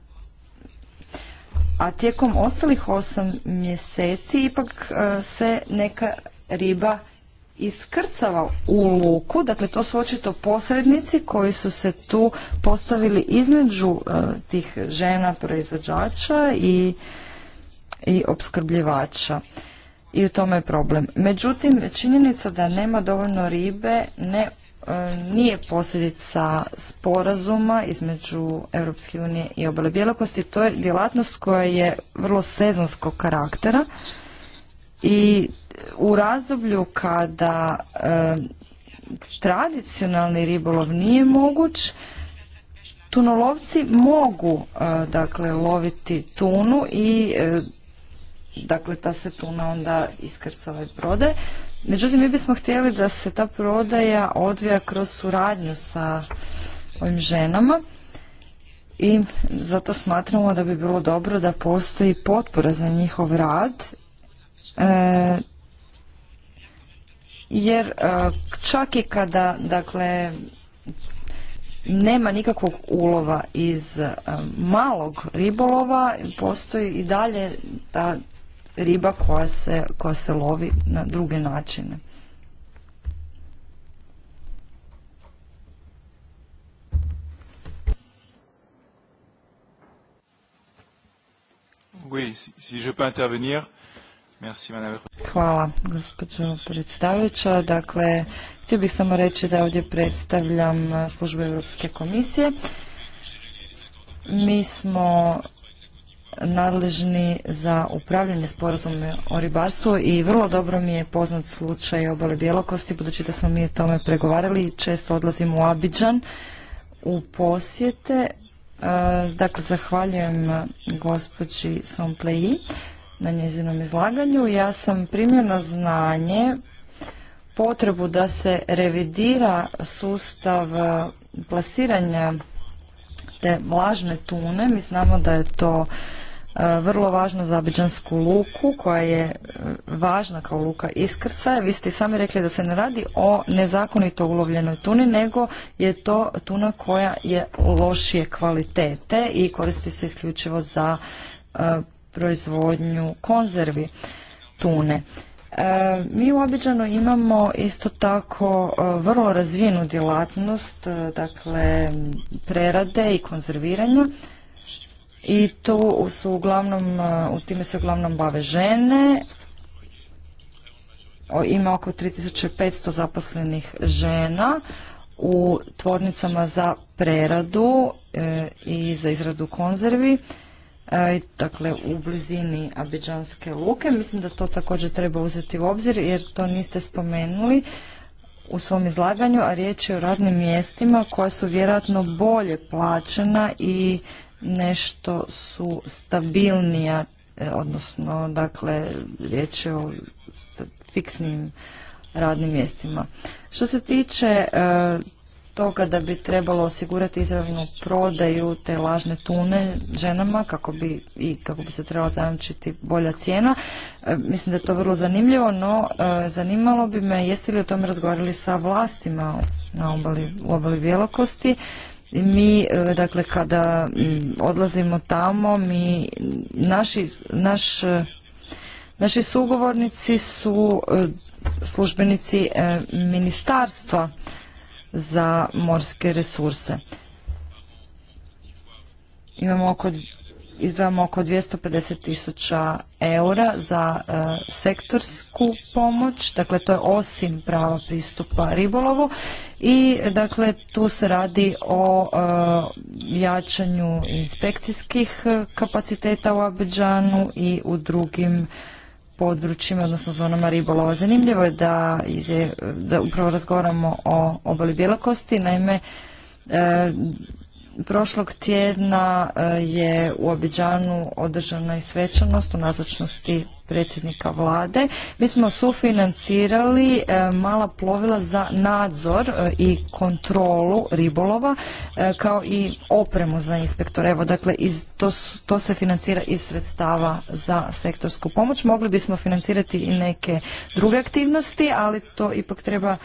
a tijekom ostalih osam mjeseci ipak e, se neka riba iskrcava u luku, dakle to su očito posrednici koji su se tu postavili između e, tih žena proizvođača i, i opskrbljivača. I u tome je problem. Međutim, činjenica da nema dovoljno ribe ne E, nije posljedica sporazuma između Europske unije i obale Bjelokosti. To je djelatnost koja je vrlo sezonskog karaktera i u razdoblju kada e, tradicionalni ribolov nije moguć, tunolovci mogu e, dakle loviti tunu i dakle ta se tuna onda iskrcava iz brode. Međutim, mi bismo htjeli da se ta prodaja odvija kroz suradnju sa ovim ženama i zato smatramo da bi bilo dobro da postoji potpora za njihov rad e, jer e, čak i kada dakle nema nikakvog ulova iz e, malog ribolova postoji i dalje ta riba koja se, koja se lovi na druge načine. Hvala, gospođo predsjedavajuća. Dakle, htio bih samo reći da ovdje predstavljam službu Europske komisije. Mi smo nadležni za upravljanje sporazume o ribarstvu i vrlo dobro mi je poznat slučaj obale Bjelokosti, budući da smo mi o tome pregovarali. i Često odlazim u Abidžan u posjete. E, dakle, zahvaljujem gospođi Sompleji na njezinom izlaganju. Ja sam primio na znanje potrebu da se revidira sustav plasiranja te vlažne tune. Mi znamo da je to E, vrlo za zabiđansku luku koja je e, važna kao luka iskrcaja. Vi ste sami rekli da se ne radi o nezakonito ulovljenoj tuni, nego je to tuna koja je lošije kvalitete i koristi se isključivo za e, proizvodnju konzervi tune. mi u Abidžanu imamo isto tako vrlo razvijenu djelatnost, dakle prerade i konzerviranja i to su uglavnom, e, u time se uglavnom bave žene. Ima oko 3500 zaposlenih žena u tvornicama za preradu e, i za izradu konzervi, e, dakle u blizini Abidžanske luke. Mislim da to također treba uzeti u obzir jer to niste spomenuli u svom izlaganju, a riječ je o radnim mjestima koja su vjerojatno bolje plaćena i nešto su stabilnija, e, odnosno, dakle, riječ je o fiksnim radnim mjestima. Što se tiče e, toga da bi trebalo osigurati izravnu prodaju te lažne tune ženama kako bi i kako bi se trebala zajamčiti bolja cijena. E, mislim da je to vrlo zanimljivo, no zanimalo bi me jeste li o tome razgovarali sa vlastima na u obali Bjelokosti mi, e, dakle, kada odlazimo tamo, mi, naši, naš, naši sugovornici su e, službenici e, ministarstva za morske resurse. Imamo oko izdvajamo oko 250 tisuća eura za e, sektorsku pomoć, dakle to je osim prava pristupa ribolovu i dakle tu se radi o e, jačanju inspekcijskih kapaciteta u Abidžanu i u drugim područjima, odnosno zonama ribolova. Zanimljivo je da, upravo razgovaramo o obali bjelokosti, naime e, Prošlog tjedna e, je u Abidžanu održana i svečanost u nazočnosti predsjednika vlade. Mi smo sufinancirali e, mala plovila za nadzor e, i kontrolu ribolova kao i opremu za inspektore. Evo, dakle, iz, to, to se financira iz sredstava za sektorsku pomoć. Mogli bismo financirati i neke druge aktivnosti, ali to ipak treba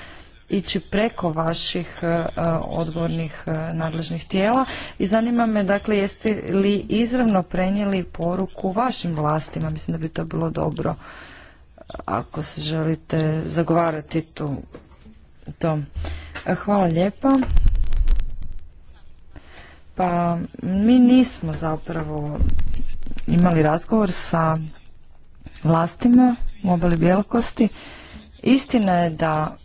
ići preko vaših e, e, odgovornih e, nadležnih tijela i zanima me dakle jeste li izravno prenijeli poruku vašim vlastima, mislim da bi to bilo dobro ako se želite zagovarati tu to. Hvala lijepa. Pa mi nismo zapravo imali razgovor sa vlastima u obali Bjelokosti. Istina je da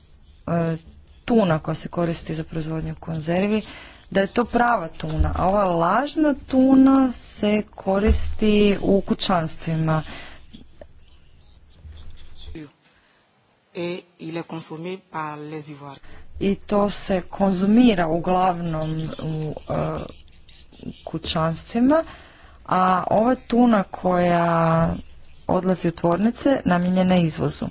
E, tuna koja se koristi za proizvodnju konzervi, da je to prava tuna, a ova lažna tuna se koristi u kućanstvima. E, I to se konzumira uglavnom u e, kućanstvima, a ova tuna koja odlazi u tvornice namjenjena izvozu.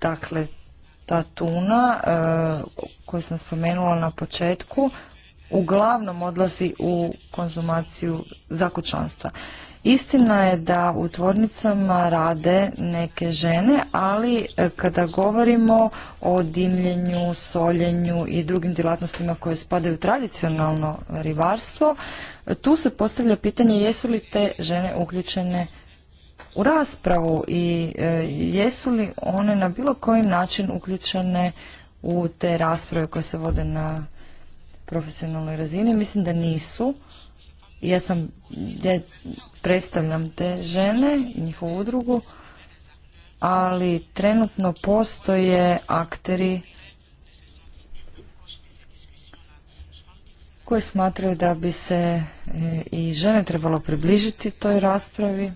Dakle, ta tuna e, koju sam spomenula na početku uglavnom odlazi u konzumaciju zakućanstva. Istina je da u tvornicama rade neke žene, ali e, kada govorimo o dimljenju, soljenju i drugim djelatnostima koje spadaju u tradicionalno ribarstvo, tu se postavlja pitanje jesu li te žene uključene u raspravu i e, jesu li one na bilo koji način uključene u te rasprave koje se vode na profesionalnoj razini. Mislim da nisu. Ja sam, predstavljam te žene, njihovu udrugu, ali trenutno postoje akteri koji smatraju da bi se e, i žene trebalo približiti toj raspravi.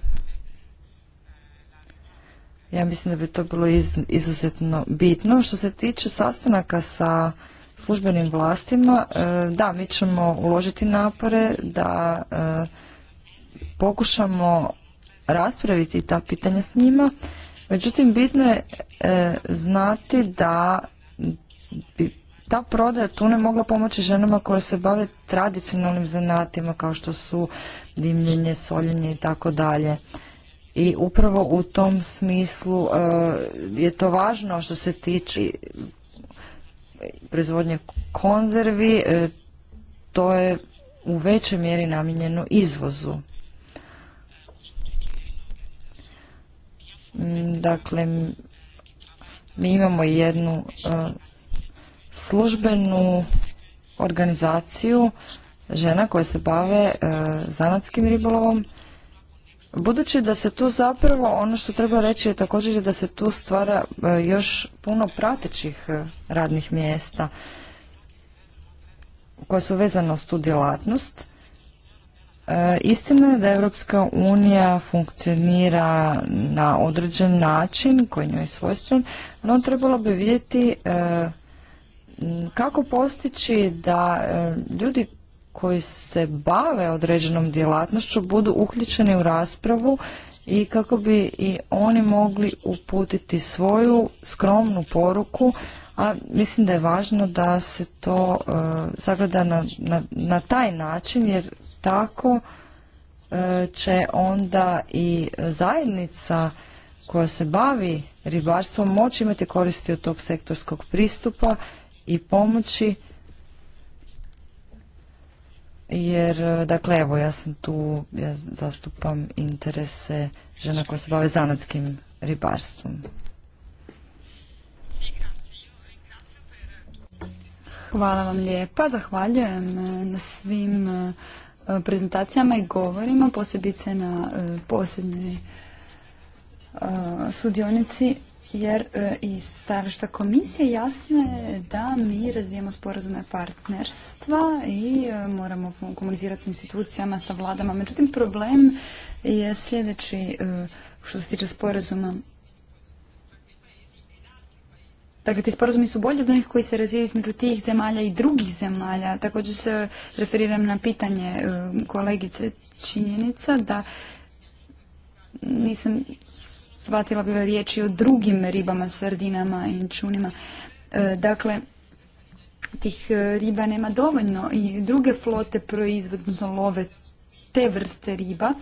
Ja mislim da bi to bilo izuzetno bitno. Što se tiče sastanaka sa službenim vlastima, e, da, mi ćemo uložiti napore da e, pokušamo raspraviti ta pitanja s njima. Međutim, bitno je e, znati da bi ta prodaja ne mogla pomoći ženama koje se bave tradicionalnim zanatima kao što su dimljenje, soljenje i tako dalje i upravo u tom smislu e, je to važno što se tiče proizvodnje konzervi, e, to je u većoj mjeri namijenjeno izvozu. Mm, dakle, mi imamo jednu e, službenu organizaciju žena koje se bave zanatskim ribolovom Budući da se tu zapravo, ono što treba reći je također da se tu stvara e, još puno pratećih e, radnih mjesta koja su vezana uz tu djelatnost. E, istina je da Evropska unija funkcionira na određen način koji njoj je svojstven, no trebalo bi vidjeti kako postići da ljudi koji se bave određenom djelatnošću budu uključeni u raspravu i kako bi i oni mogli uputiti svoju skromnu poruku, a mislim da je važno da se to e, sagleda na, na, taj način jer tako e, će onda i zajednica koja se bavi ribarstvom moći imati koristi od tog sektorskog pristupa i pomoći jer e, dakle evo ja sam tu, ja zastupam interese žena koja se bave zanatskim ribarstvom. Hvala vam lijepa, zahvaljujem e, na svim e, prezentacijama i govorima, posebice na posljednjoj sudionici jer e, iz stavišta komisije jasno je da mi razvijemo sporazume partnerstva i e, moramo komunicirati s institucijama, sa vladama. Međutim, problem je sljedeći e, što se tiče sporazuma. Dakle, ti sporazumi su bolji od onih koji se razvijaju između tih zemalja i drugih zemalja. Također se referiram na pitanje kolegice činjenica da nisam shvatila bilo riječ o drugim ribama, sardinama i čunima. E, dakle, tih e, riba nema dovoljno i druge flote proizvodno love te vrste riba.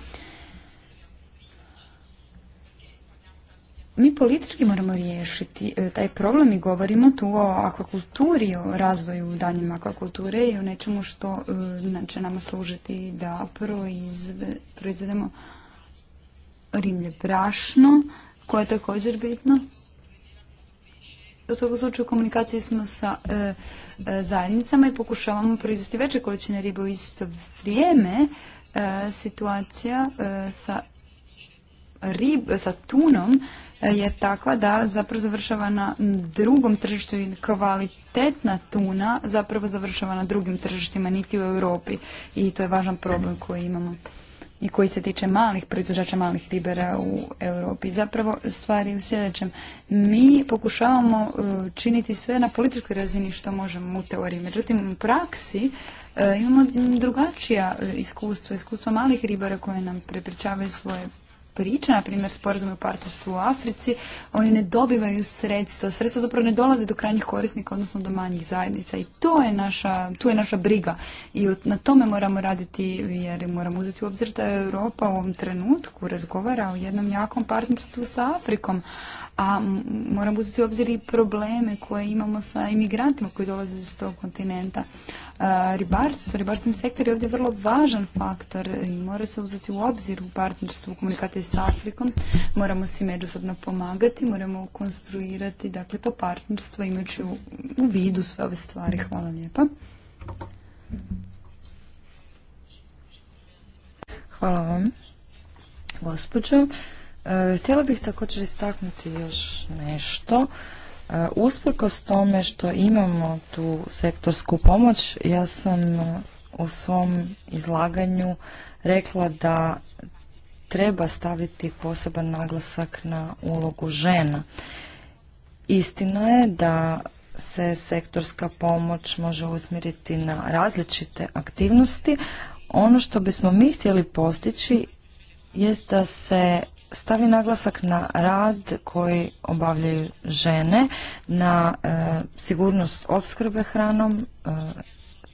Mi politički moramo riješiti e, taj problem i govorimo tu o akvakulturi, o razvoju danjem akvakulture i o nečemu što će nama služiti da proizvedemo rimlje brašno, koje je također bitno. U svakom slučaju komunikaciji smo sa e, e, zajednicama i pokušavamo proizvesti veće količine ribe u isto vrijeme. E, situacija sa, sa tunom je takva da zapravo završava na drugom tržištu i kvalitetna tuna zapravo završava na drugim tržištima niti u Europi i to je važan problem koji imamo i koji se tiče malih proizvođača malih ribara u Europi. Zapravo stvari u sljedećem. Mi pokušavamo e, činiti sve na političkoj razini što možemo u teoriji. Međutim, u praksi e, imamo drugačija e, iskustva, iskustva malih ribara koje nam prepričavaju svoje priča, na primjer sporazume o partnerstvu u Africi, oni ne dobivaju sredstva. Sredstva zapravo ne dolaze do krajnjih korisnika, odnosno do manjih zajednica. I to je naša, tu je naša briga. I na tome moramo raditi jer moramo uzeti u obzir da Europa u ovom trenutku razgovara o jednom jakom partnerstvu sa Afrikom a moram uzeti u obzir i probleme koje imamo sa imigrantima koji dolaze iz tog kontinenta. E, ribarstvo, ribarstveni sektor je ovdje vrlo važan faktor i mora se uzeti u obzir u partnerstvu komunikaciji s Afrikom. Moramo si međusobno pomagati, moramo konstruirati dakle, to partnerstvo imajući u vidu sve ove stvari. Hvala lijepa. Hvala vam, gospođo. E, htjela bih također istaknuti još nešto. E, usprkos tome što imamo tu sektorsku pomoć, ja sam u svom izlaganju rekla da treba staviti poseban naglasak na ulogu žena. Istina je da se sektorska pomoć može usmjeriti na različite aktivnosti. Ono što bismo mi htjeli postići jest da se stavi naglasak na rad koji obavljaju žene, na e, sigurnost opskrbe hranom, e,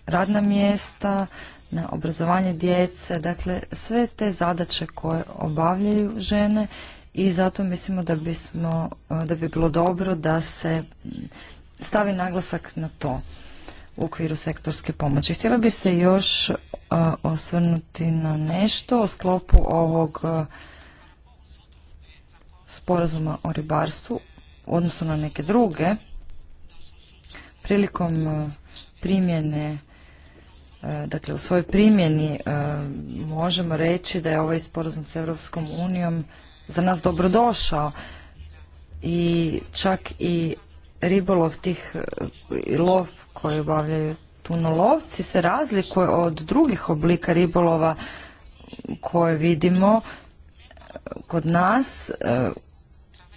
radna mjesta, na obrazovanje djece, dakle sve te zadaće koje obavljaju žene i zato mislimo da bismo, e, da bi bilo dobro da se stavi naglasak na to u okviru sektorske pomoći. Htjela bi se još osvrnuti na nešto o sklopu ovog sporazuma o ribarstvu u odnosu na neke druge prilikom e, primjene e, dakle u svojoj primjeni e, možemo reći da je ovaj sporazum s Europskom unijom za nas dobrodošao i čak i ribolov tih lov koji obavljaju tunolovci se razlikuje od drugih oblika ribolova koje vidimo kod nas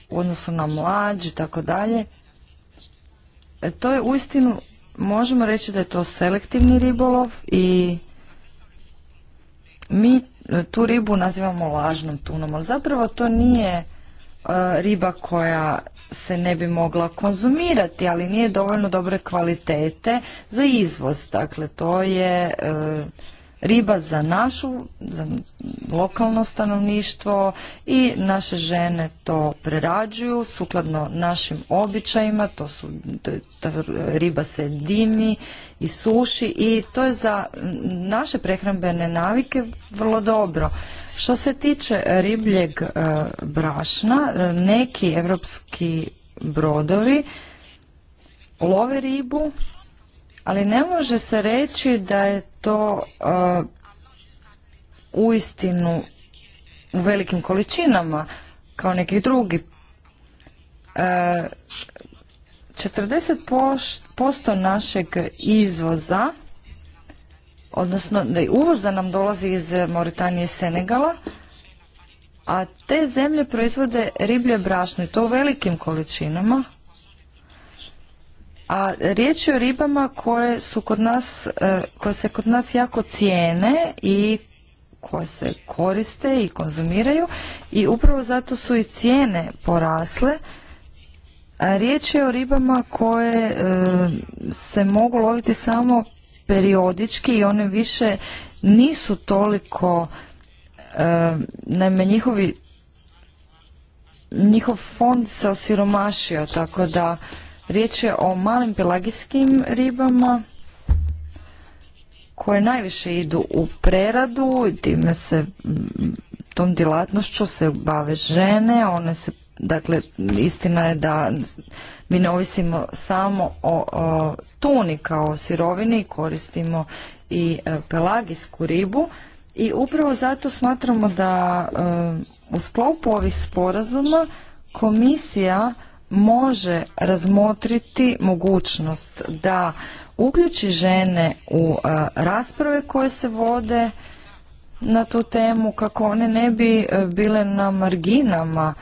u odnosu na mlađ i tako dalje. E, to je uistinu, možemo reći da je to selektivni ribolov i mi e, tu ribu nazivamo lažnom tunom, ali zapravo to nije e, riba koja se ne bi mogla konzumirati, ali nije dovoljno dobre kvalitete za izvoz. Dakle, to je riba za našu, za lokalno stanovništvo i naše žene to prerađuju sukladno našim običajima, to su, riba se dimi i suši i to je za naše prehrambene navike vrlo dobro. Što se tiče ribljeg e, brašna, neki evropski brodovi love ribu ali ne može se reći da je to uistinu u velikim količinama kao neki drugi. četrdeset 40% našeg izvoza, odnosno da uvoza nam dolazi iz Mauritanije i Senegala, a te zemlje proizvode riblje brašne, i to u velikim količinama, a riječ je o ribama koje su kod nas, e, koje se kod nas jako cijene i koje se koriste i konzumiraju i upravo zato su i cijene porasle. A riječ je o ribama koje e, se mogu loviti samo periodički i one više nisu toliko e, naime njihovi njihov fond se osiromašio tako da Riječ je o malim pelagijskim ribama koje najviše idu u preradu i time se mm, tom djelatnošću se bave žene, one se dakle istina je da mi ne ovisimo samo o, o tuni kao sirovini, koristimo i e, pelagijsku ribu i upravo zato smatramo da e, u sklopu ovih sporazuma komisija može razmotriti mogućnost da uključi žene u rasprave koje se vode na tu temu kako one ne bi bile na marginama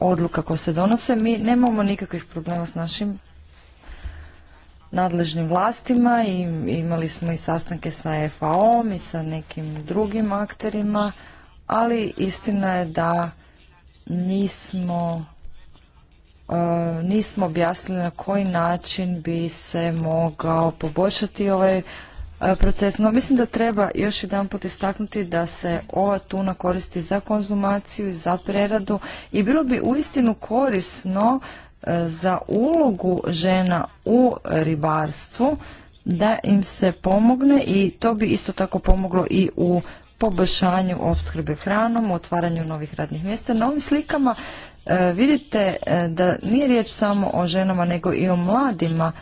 odluka koje se donose. Mi nemamo nikakvih problema s našim nadležnim vlastima i imali smo i sastanke sa FAO-om i sa nekim drugim akterima, ali istina je da nismo E, nismo objasnili na koji način bi se mogao poboljšati ovaj e, proces. No mislim da treba još jedan put istaknuti da se ova tuna koristi za konzumaciju, i za preradu i bilo bi uistinu korisno e, za ulogu žena u ribarstvu da im se pomogne i to bi isto tako pomoglo i u poboljšanju opskrbe hranom, otvaranju novih radnih mjesta. Na ovim slikama E, vidite e, da nije riječ samo o ženama nego i o mladima.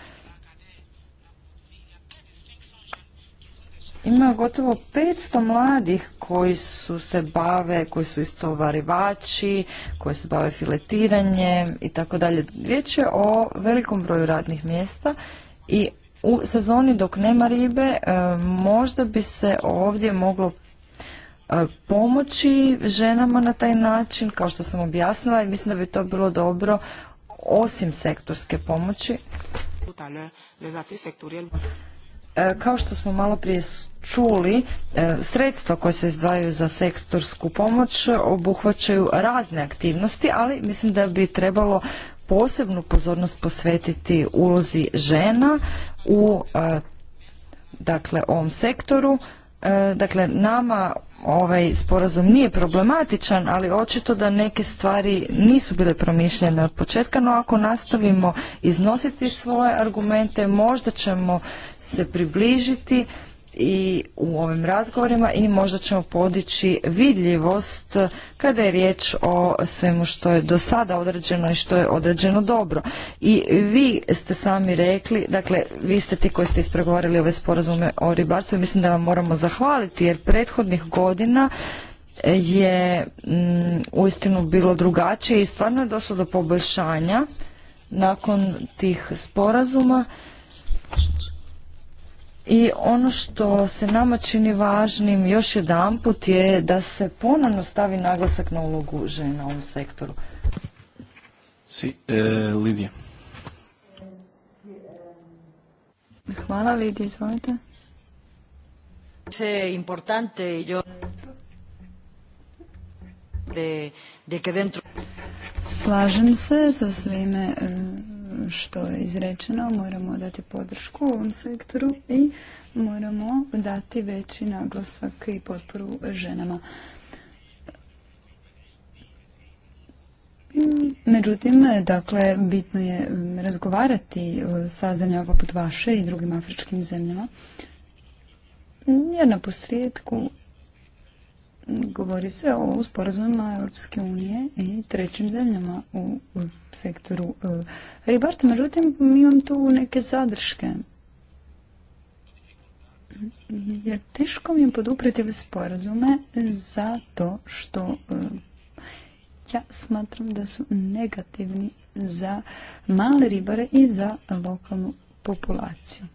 Ima gotovo 500 mladih koji su se bave, koji su varivači, koji se bave filetiranjem i tako dalje. Riječ je o velikom broju radnih mjesta i u sezoni dok nema ribe e, možda bi se ovdje moglo pomoći ženama na taj način, kao što sam objasnila i mislim da bi to bilo dobro osim sektorske pomoći. E, kao što smo malo prije čuli, e, sredstva koje se izdvajaju za sektorsku pomoć obuhvaćaju razne aktivnosti, ali mislim da bi trebalo posebnu pozornost posvetiti ulozi žena u e, dakle, ovom sektoru. Dakle, nama ovaj sporazum nije problematičan, ali očito da neke stvari nisu bile promišljene od početka, no ako nastavimo iznositi svoje argumente, možda ćemo se približiti i u ovim razgovorima i možda ćemo podići vidljivost kada je riječ o svemu što je do sada određeno i što je određeno dobro. I vi ste sami rekli, dakle vi ste ti koji ste ispregovarali ove sporazume o ribarstvu i mislim da vam moramo zahvaliti jer prethodnih godina je mm, uistinu bilo drugačije i stvarno je došlo do poboljšanja nakon tih sporazuma i ono što se nama čini važnim još put je da se ponovno stavi naglasak na ulogu žena u ovom sektoru. Si, e, Lidija. Hvala Lidija, izvolite. importante yo de, de que dentro Slažem se sa svime e, što je izrečeno, moramo dati podršku ovom sektoru i moramo dati veći naglasak i potporu ženama. Međutim, dakle, bitno je razgovarati sa zemljama poput vaše i drugim afričkim zemljama. Jer na posljedku govori se o sporazumima Europske unije i trećim zemljama u, sektoru e, ribarstva. Međutim, imam tu neke zadrške. Jer teško mi je podupriti ove sporazume zato što e, ja smatram da su negativni za male ribare i za lokalnu populaciju.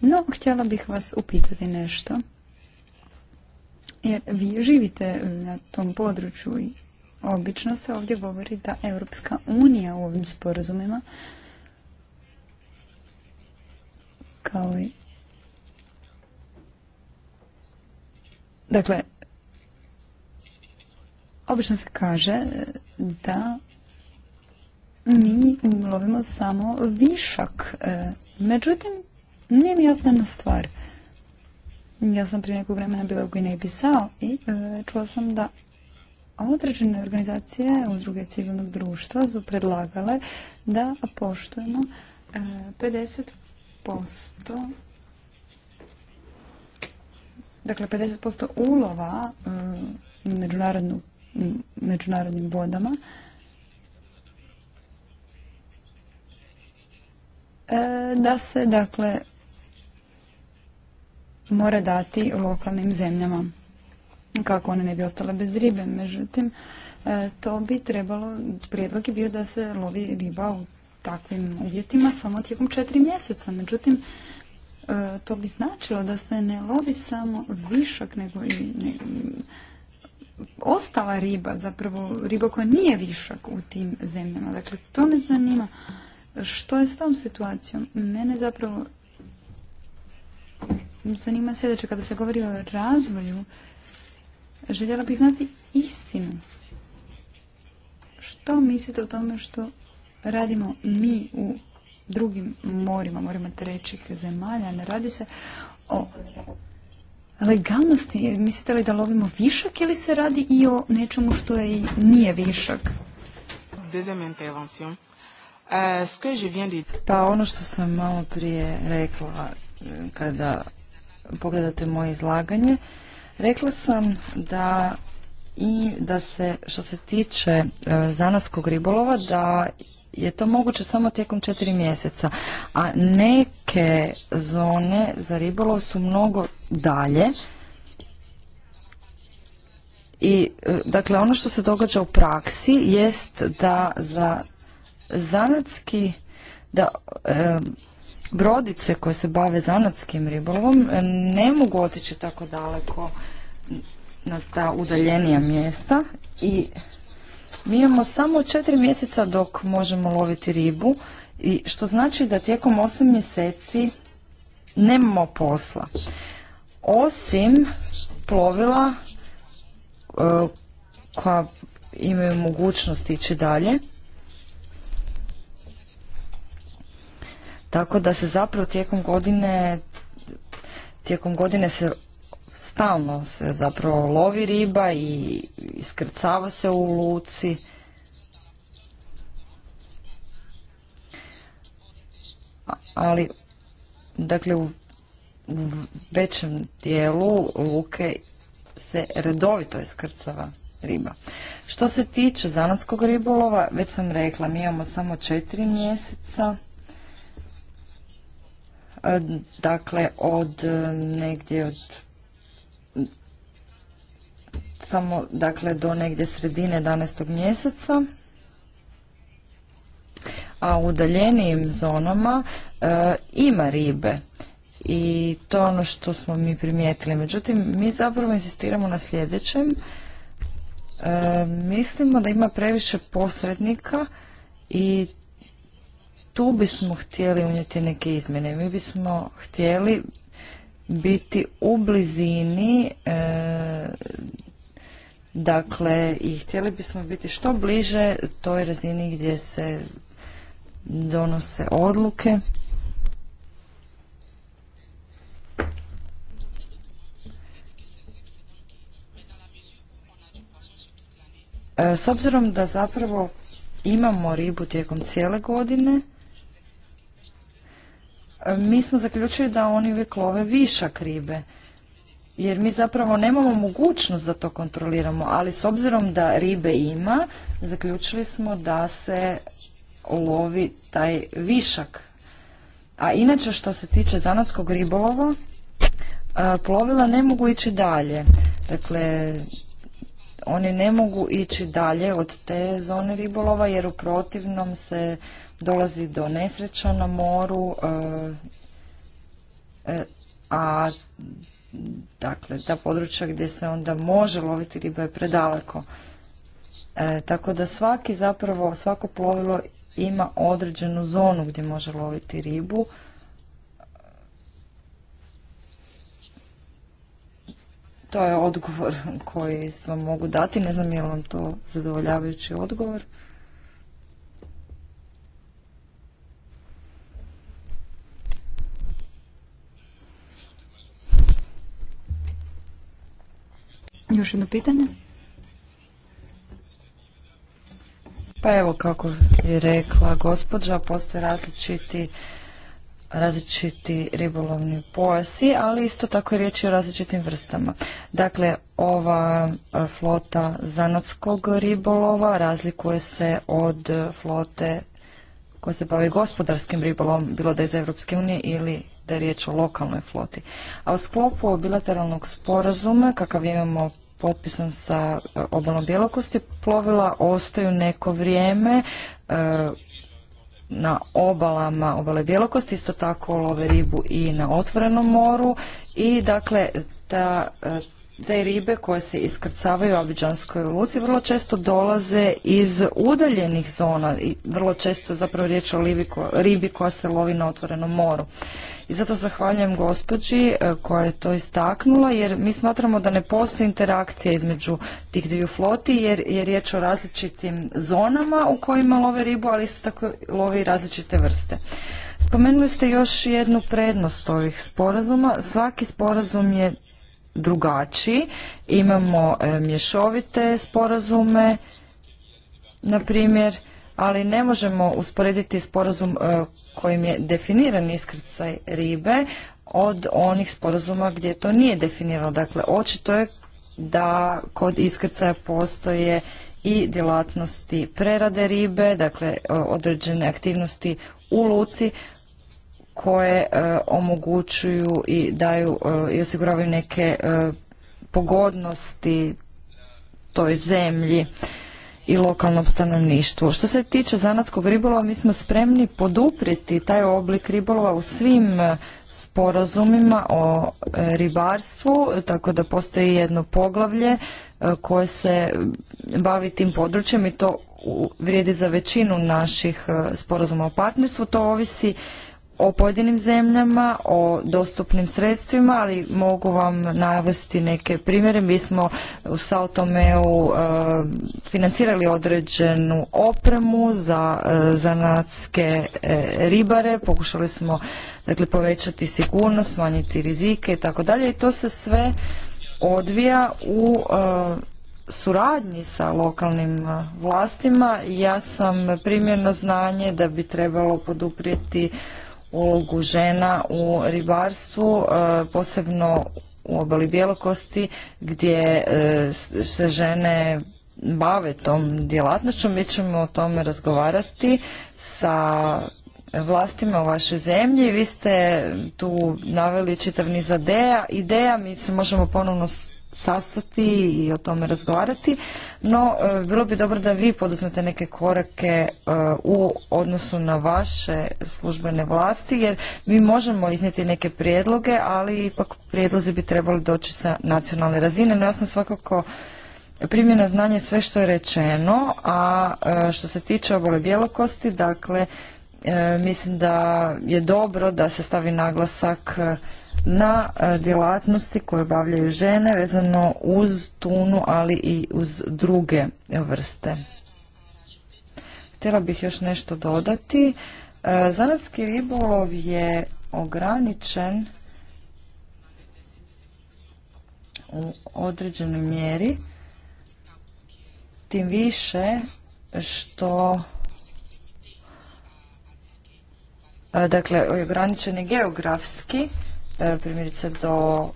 No, htjela bih vas upitati nešto jer vi živite na tom području i obično se ovdje govori da Europska unija u ovim sporazumima kao i dakle obično se kaže da mi lovimo samo višak e, međutim nije mi jasna stvar ja sam prije nekog vremena bila u Guinea pisao i e, čula sam da određene organizacije udruge civilnog društva su predlagale da poštujemo 50% e, dakle 50% ulova e, međunarodnim vodama e, da se dakle mora dati lokalnim zemljama kako one ne bi ostale bez ribe. Međutim, e, to bi trebalo, prijedlog je bio da se lovi riba u takvim uvjetima samo tijekom četiri mjeseca. Međutim, e, to bi značilo da se ne lovi samo višak, nego i ne, ostala riba, zapravo riba koja nije višak u tim zemljama. Dakle, to me zanima. Što je s tom situacijom? Mene zapravo zanima sljedeće. Kada se govori o razvoju, željela bih znati istinu. Što mislite o tome što radimo mi u drugim morima, morima trećih zemalja? Ne radi se o legalnosti. Mislite li da lovimo višak ili se radi i o nečemu što je i nije višak? Euh, pa ono što sam malo prije rekla e, kada pogledate moje izlaganje, rekla sam da i da se što se tiče e, zanatskog ribolova da je to moguće samo tijekom četiri mjeseca, a neke zone za ribolov su mnogo dalje. I e, dakle ono što se događa u praksi jest da za zanatski da e, brodice koje se bave zanatskim ribolovom e, ne mogu otići tako daleko na ta udaljenija mjesta i mi imamo samo četiri mjeseca dok možemo loviti ribu i što znači da tijekom osam mjeseci nemamo posla. Osim plovila e, koja imaju mogućnost ići dalje, Tako da se zapravo tijekom godine tijekom godine se stalno se zapravo lovi riba i iskrcava se u luci. Ali, dakle, u, većem dijelu luke se redovito iskrcava riba. Što se tiče zanatskog ribolova, već sam rekla, mi imamo samo četiri mjeseca E, dakle od e, negdje od samo dakle do negdje sredine 11. mjeseca a u udaljenijim zonama e, ima ribe i to je ono što smo mi primijetili. Međutim, mi zapravo insistiramo na sljedećem. mislimo da ima previše posrednika i tu bismo htjeli unijeti neke izmjene. Mi bismo htjeli biti u blizini e, dakle i htjeli bismo biti što bliže toj razini gdje se donose odluke. E, s obzirom da zapravo imamo ribu tijekom cijele godine, mi smo zaključili da oni uvijek love višak ribe. Jer mi zapravo nemamo mogućnost da to kontroliramo, ali s obzirom da ribe ima, zaključili smo da se lovi taj višak. A inače što se tiče zanatskog ribolova, plovila ne mogu ići dalje. Dakle, oni ne mogu ići dalje od te zone ribolova jer u protivnom se dolazi do nesreća na moru, e, e, a dakle ta područja gdje se onda može loviti riba je predaleko. E, tako da svaki zapravo, svako plovilo ima određenu zonu gdje može loviti ribu To je odgovor koji vam mogu dati. Ne znam je li vam to zadovoljavajući odgovor. Još jedno pitanje? Pa evo kako je rekla gospođa, postoje različiti različiti ribolovni pojasi, ali isto tako je riječ o različitim vrstama. Dakle, ova e, flota zanatskog ribolova razlikuje se od flote koja se bavi gospodarskim ribolovom, bilo da je iz Europske unije ili da je riječ o lokalnoj floti. A u sklopu bilateralnog sporazuma, kakav imamo potpisan sa e, obalnom bjelokosti, plovila ostaju neko vrijeme e, na obalama obale Bjelokosti, isto tako love ribu i na otvorenom moru i dakle ta te ribe koje se iskrcavaju u Abidžanskoj luci vrlo često dolaze iz udaljenih zona i vrlo često je zapravo riječ o ribi koja se lovi na otvorenom moru. I zato zahvaljujem gospođi e, koja je to istaknula jer mi smatramo da ne postoji interakcija između tih dviju floti jer je riječ o različitim zonama u kojima love ribu, ali isto tako lovi različite vrste. Spomenuli ste još jednu prednost ovih sporazuma. Svaki sporazum je drugačiji. Imamo e, mješovite sporazume, na primjer, ali ne možemo usporediti sporazum e, kojim je definiran iskrcaj ribe od onih sporazuma gdje to nije definirano. Dakle, očito je da kod iskrcaja postoje i djelatnosti prerade ribe, dakle e, određene aktivnosti u luci koje e, omogućuju i daju e, i osiguravaju neke e, pogodnosti toj zemlji i lokalnom stanovništvu. Što se tiče zanatskog ribolova, mi smo spremni poduprijeti taj oblik ribolova u svim sporazumima o ribarstvu, tako da postoji jedno poglavlje koje se bavi tim područjem i to vrijedi za većinu naših sporazuma o partnerstvu. To ovisi o pojedinim zemljama, o dostupnim sredstvima, ali mogu vam navesti neke primjere. Mi smo u Sao Tomeu e, financirali određenu opremu za e, zanatske e, ribare, pokušali smo dakle, povećati sigurnost, smanjiti rizike i tako dalje i to se sve odvija u e, suradnji sa lokalnim vlastima. Ja sam primjerno znanje da bi trebalo poduprijeti ulogu žena u ribarstvu, e, posebno u obali bjelokosti gdje e, se žene bave tom djelatnošću. Mi ćemo o tome razgovarati sa vlastima u vašoj zemlji. Vi ste tu naveli čitav niz ideja. mi se možemo ponovno sastati i o tome razgovarati, no e, bilo bi dobro da vi poduzmete neke korake e, u odnosu na vaše službene vlasti, jer mi možemo iznijeti neke prijedloge, ali ipak prijedlozi bi trebali doći sa nacionalne razine, no ja sam svakako primjena znanje sve što je rečeno, a e, što se tiče obole bjelokosti, dakle, mislim da je dobro da se stavi naglasak na e, djelatnosti koje obavljaju žene vezano uz tunu, ali i uz druge vrste. Htjela bih još nešto dodati. E, zanatski ribolov je ograničen u određenoj mjeri, tim više što e, dakle ograničen je geografski E, primjerice do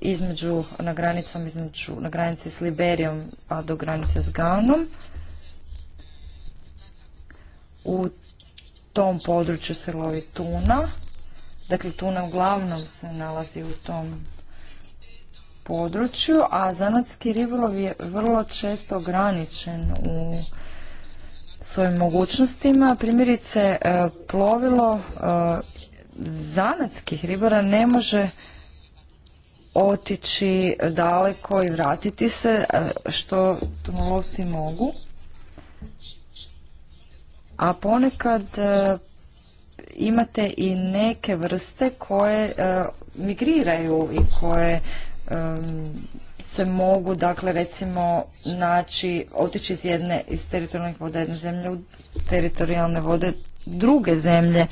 između, na granicama između, na granici s Liberijom pa do granice s Ganom. U tom području se lovi tuna. Dakle, tuna uglavnom se nalazi u tom području, a zanatski ribolov je vrlo često ograničen u svojim mogućnostima. Primjerice, e, plovilo e, zanatskih ribara ne može otići daleko i vratiti se, e, što tunolovci mogu. A ponekad e, imate i neke vrste koje e, migriraju i koje se mogu, dakle, recimo, naći, otići iz jedne, iz teritorijalnih voda jedne zemlje u teritorijalne vode druge zemlje.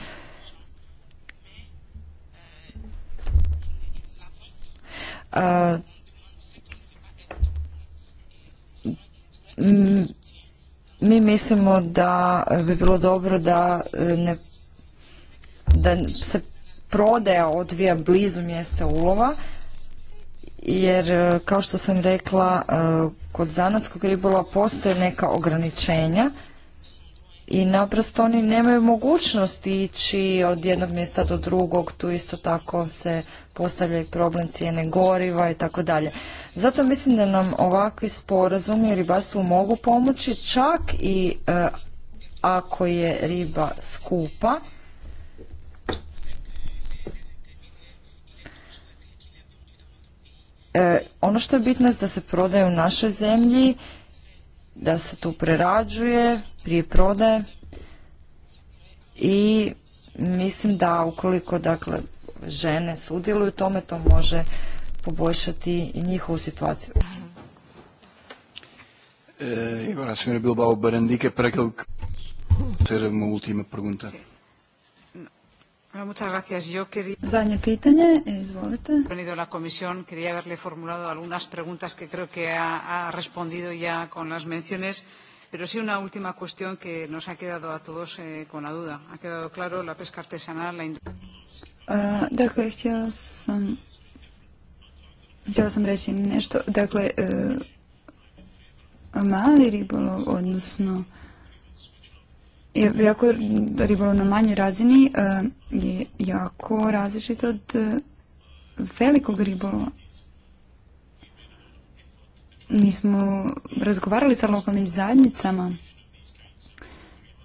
mi mislimo da bi bilo dobro da e, ne da se prodaja odvija blizu mjesta ulova jer e, kao što sam rekla e, kod zanatskog ribolova postoje neka ograničenja i naprosto oni nemaju mogućnosti ići od jednog mjesta do drugog, tu isto tako se postavlja i problem cijene goriva i tako dalje. Zato mislim da nam ovakvi sporazumi o ribarstvu mogu pomoći čak i e, ako je riba skupa. E, ono što je bitno je da se prodaje u našoj zemlji da se to prerađuje prije prodaje i mislim da ukoliko dakle žene sudjeluju u tome to može poboljšati i njihovu situaciju. E, Igora, Bilbao berendike para aquele que ser uma Zadnje pitanje, izvolite. Venido la comisión, quería haberle formulado algunas preguntas que creo que ha, ha respondido ya con las menciones, pero sí una última cuestión que nos ha quedado a todos eh, con la duda. Ha quedado claro la pesca artesanal, la industria. Eh, dakle, htjela sam, htjela sam reći nešto. Dakle, e, mali ribolov, odnosno iako je ribolov na manjoj razini eh, je jako različit od eh, velikog ribolova. Mi smo razgovarali sa lokalnim zajednicama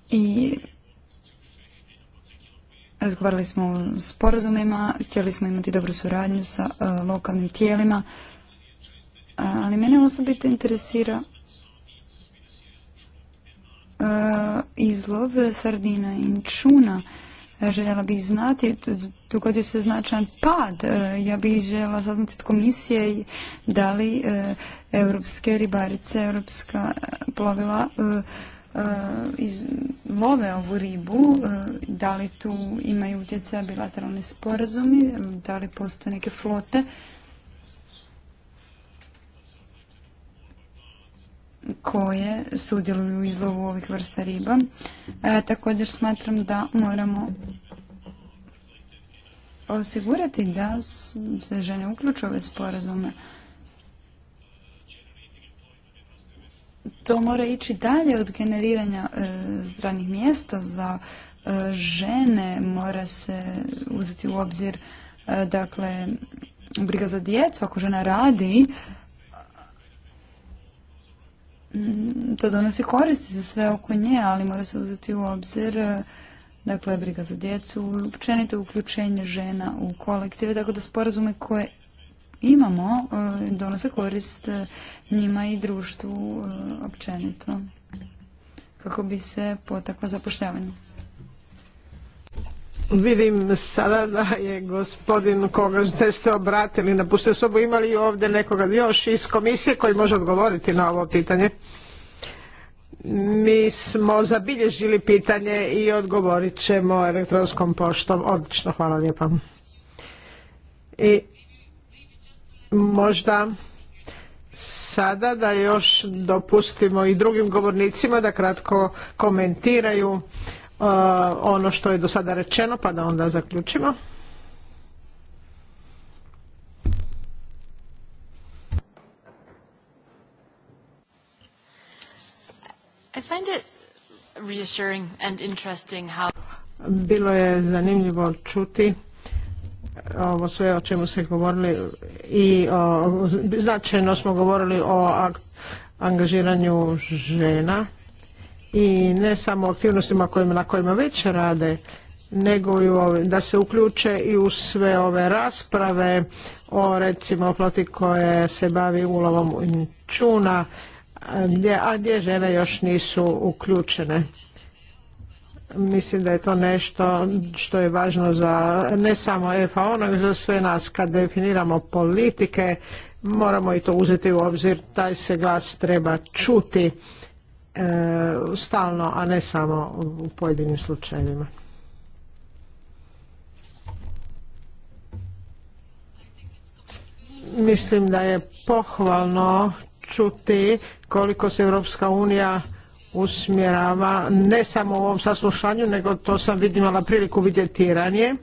i razgovarali smo o sporazumima, htjeli smo imati dobru suradnju sa eh, lokalnim tijelima, ali mene osobito interesira E, izlov sardina i čuna. E, željela bih znati, dogodio se značajan pad. E, ja bih željela saznati od komisije da li europske ribarice, europska plovila love ovu ribu, da li tu imaju utjeca bilateralni sporazumi, da li postoje neke flote koje sudjeluju u izlovu ovih vrsta riba. E, također smatram da moramo osigurati da se žene uključuju ove sporazume. To mora ići dalje od generiranja stranih e, mjesta za e, žene, mora se uzeti u obzir dakle briga za djecu, ako žena radi Mm, to donosi koristi za sve oko nje, ali mora se uzeti u obzir e, dakle briga za djecu, općenito uključenje žena u kolektive, tako da sporazume koje imamo e, donose korist e, njima i društvu općenito kako bi se potakla zapošljavanje. Vidim sada da je gospodin koga ste se obratili napustio sobu. Imali li ovdje nekoga još iz komisije koji može odgovoriti na ovo pitanje? Mi smo zabilježili pitanje i odgovorit ćemo elektronskom poštom. Odlično, hvala lijepa. I možda sada da još dopustimo i drugim govornicima da kratko komentiraju ono što je do sada rečeno pa da onda zaključimo. I find it reassuring and interesting how... Bilo je zanimljivo čuti e, ovo sve o čemu ste govorili i značajno smo govorili o angažiranju žena i ne samo aktivnostima na kojima već rade, nego i da se uključe i u sve ove rasprave o recimo oplati koje se bavi ulovom čuna, a gdje žene još nisu uključene. Mislim da je to nešto što je važno za ne samo eFA nego za sve nas. Kad definiramo politike, moramo i to uzeti u obzir, taj se glas treba čuti E, stalno, a ne samo u pojedinim slučajevima. Mislim da je pohvalno čuti koliko se Europska unija usmjerava ne samo u ovom saslušanju nego to sam vidimala priliku vidjeti ranije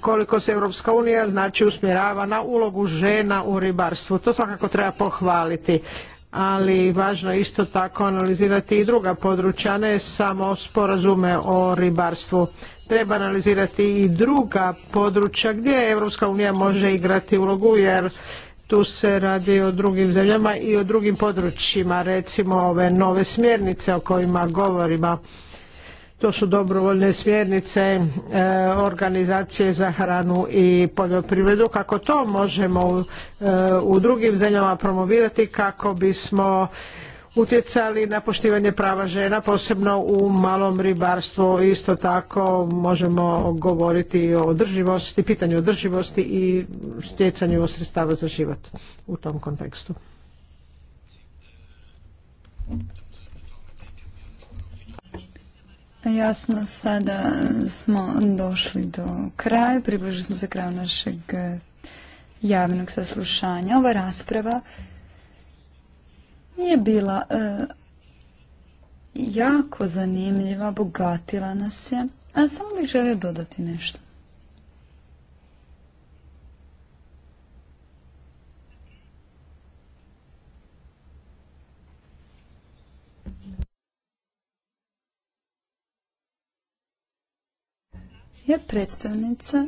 koliko se Europska unija znači usmjerava na ulogu žena u ribarstvu. To svakako treba pohvaliti ali važno je isto tako analizirati i druga područja, ne samo sporazume o ribarstvu. Treba analizirati i druga područja gdje Europska unija može igrati ulogu jer tu se radi o drugim zemljama i o drugim područjima, recimo ove nove smjernice o kojima govorimo to su dobrovoljne smjernice e, organizacije za hranu i poljoprivredu. Kako to možemo e, u drugim zemljama promovirati kako bismo utjecali na poštivanje prava žena, posebno u malom ribarstvu. Isto tako možemo govoriti o održivosti, pitanju održivosti i stjecanju sredstava za život u tom kontekstu. Jasno, sada smo došli do kraja, približili smo se kraju našeg eh, javnog saslušanja. Ova rasprava je bila eh, jako zanimljiva, bogatila nas je, a samo bih želio dodati nešto. je predstavnica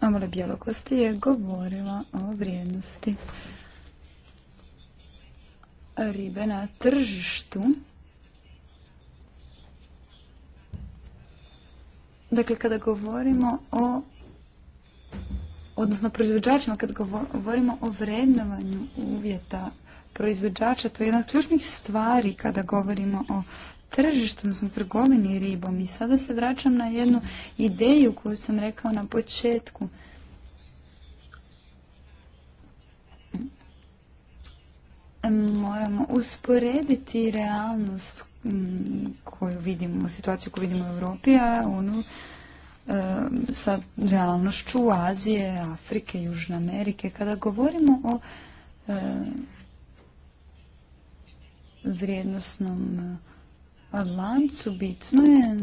Amale Bjelokosti je govorila o vrijednosti ribe na tržištu. Dakle, kada govorimo o odnosno proizvođačima, kada govorimo o vrednovanju uvjeta proizvođača, to je jedna od ključnih stvari kada govorimo o tržištu, odnosno trgovini ribom. I sada se vraćam na jednu ideju koju sam rekao na početku. Moramo usporediti realnost koju vidimo, situaciju koju vidimo u Europi, a onu e, sa realnošću Azije, Afrike, Južne Amerike. Kada govorimo o e, vrijednostnom lancu bitno je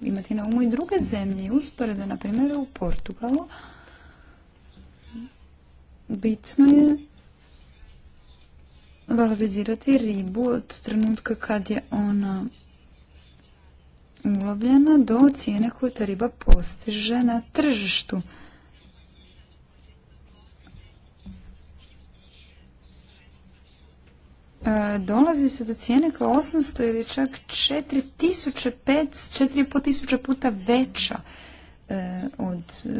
imati na umu i druge zemlje i usporede, na primjer u Portugalu. Bitno je valorizirati ribu od trenutka kad je ona ulovljena do cijene koju ta riba postiže na tržištu. E, dolazi se do cijene koja je 800 ili čak 4500, 4500 puta veća e, od e,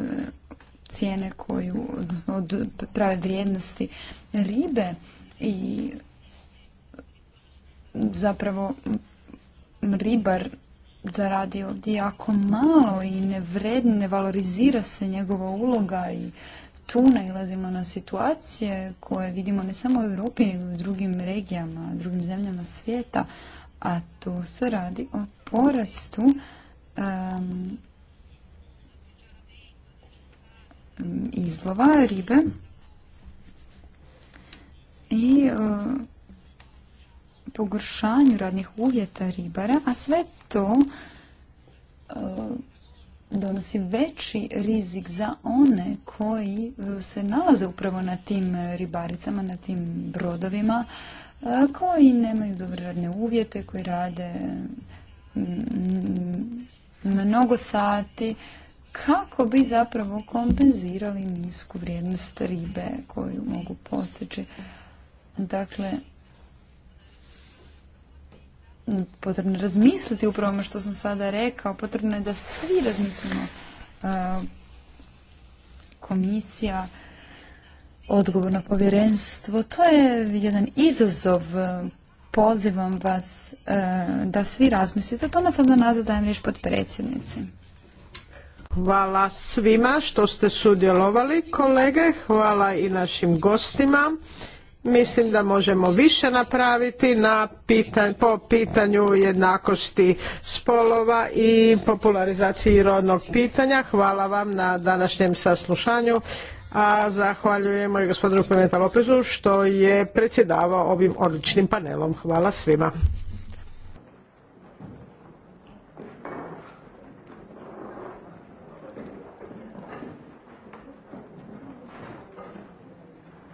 cijene koju, odnosno od prave vrijednosti ribe i zapravo ribar zaradi ovdje jako malo i nevredno, ne valorizira se njegova uloga i tu nailazimo na situacije koje vidimo ne samo u Europi, nego i u drugim regijama, drugim zemljama svijeta, a tu se radi o porastu izlova ribe i e, pogoršanju radnih uvjeta ribara, a sve to e, donosi veći rizik za one koji e, se nalaze upravo na tim e, ribaricama, na tim brodovima, e, koji nemaju dobre radne uvjete, koji rade mnogo sati, kako bi zapravo kompenzirali nisku vrijednost ribe koju mogu postići. Dakle, potrebno razmisliti upravo ono što sam sada rekao, potrebno je da svi razmislimo e, komisija, odgovorno povjerenstvo. To je jedan izazov. E, pozivam vas e, da svi razmislite o tome. Sada nazad dajem riječ pod predsjednici. Hvala svima što ste sudjelovali kolege, hvala i našim gostima. Mislim da možemo više napraviti na po pitanju jednakosti spolova i popularizaciji rodnog pitanja. Hvala vam na današnjem saslušanju, a zahvaljujemo i gospodinu Pimenta Lopezu što je predsjedavao ovim odličnim panelom. Hvala svima.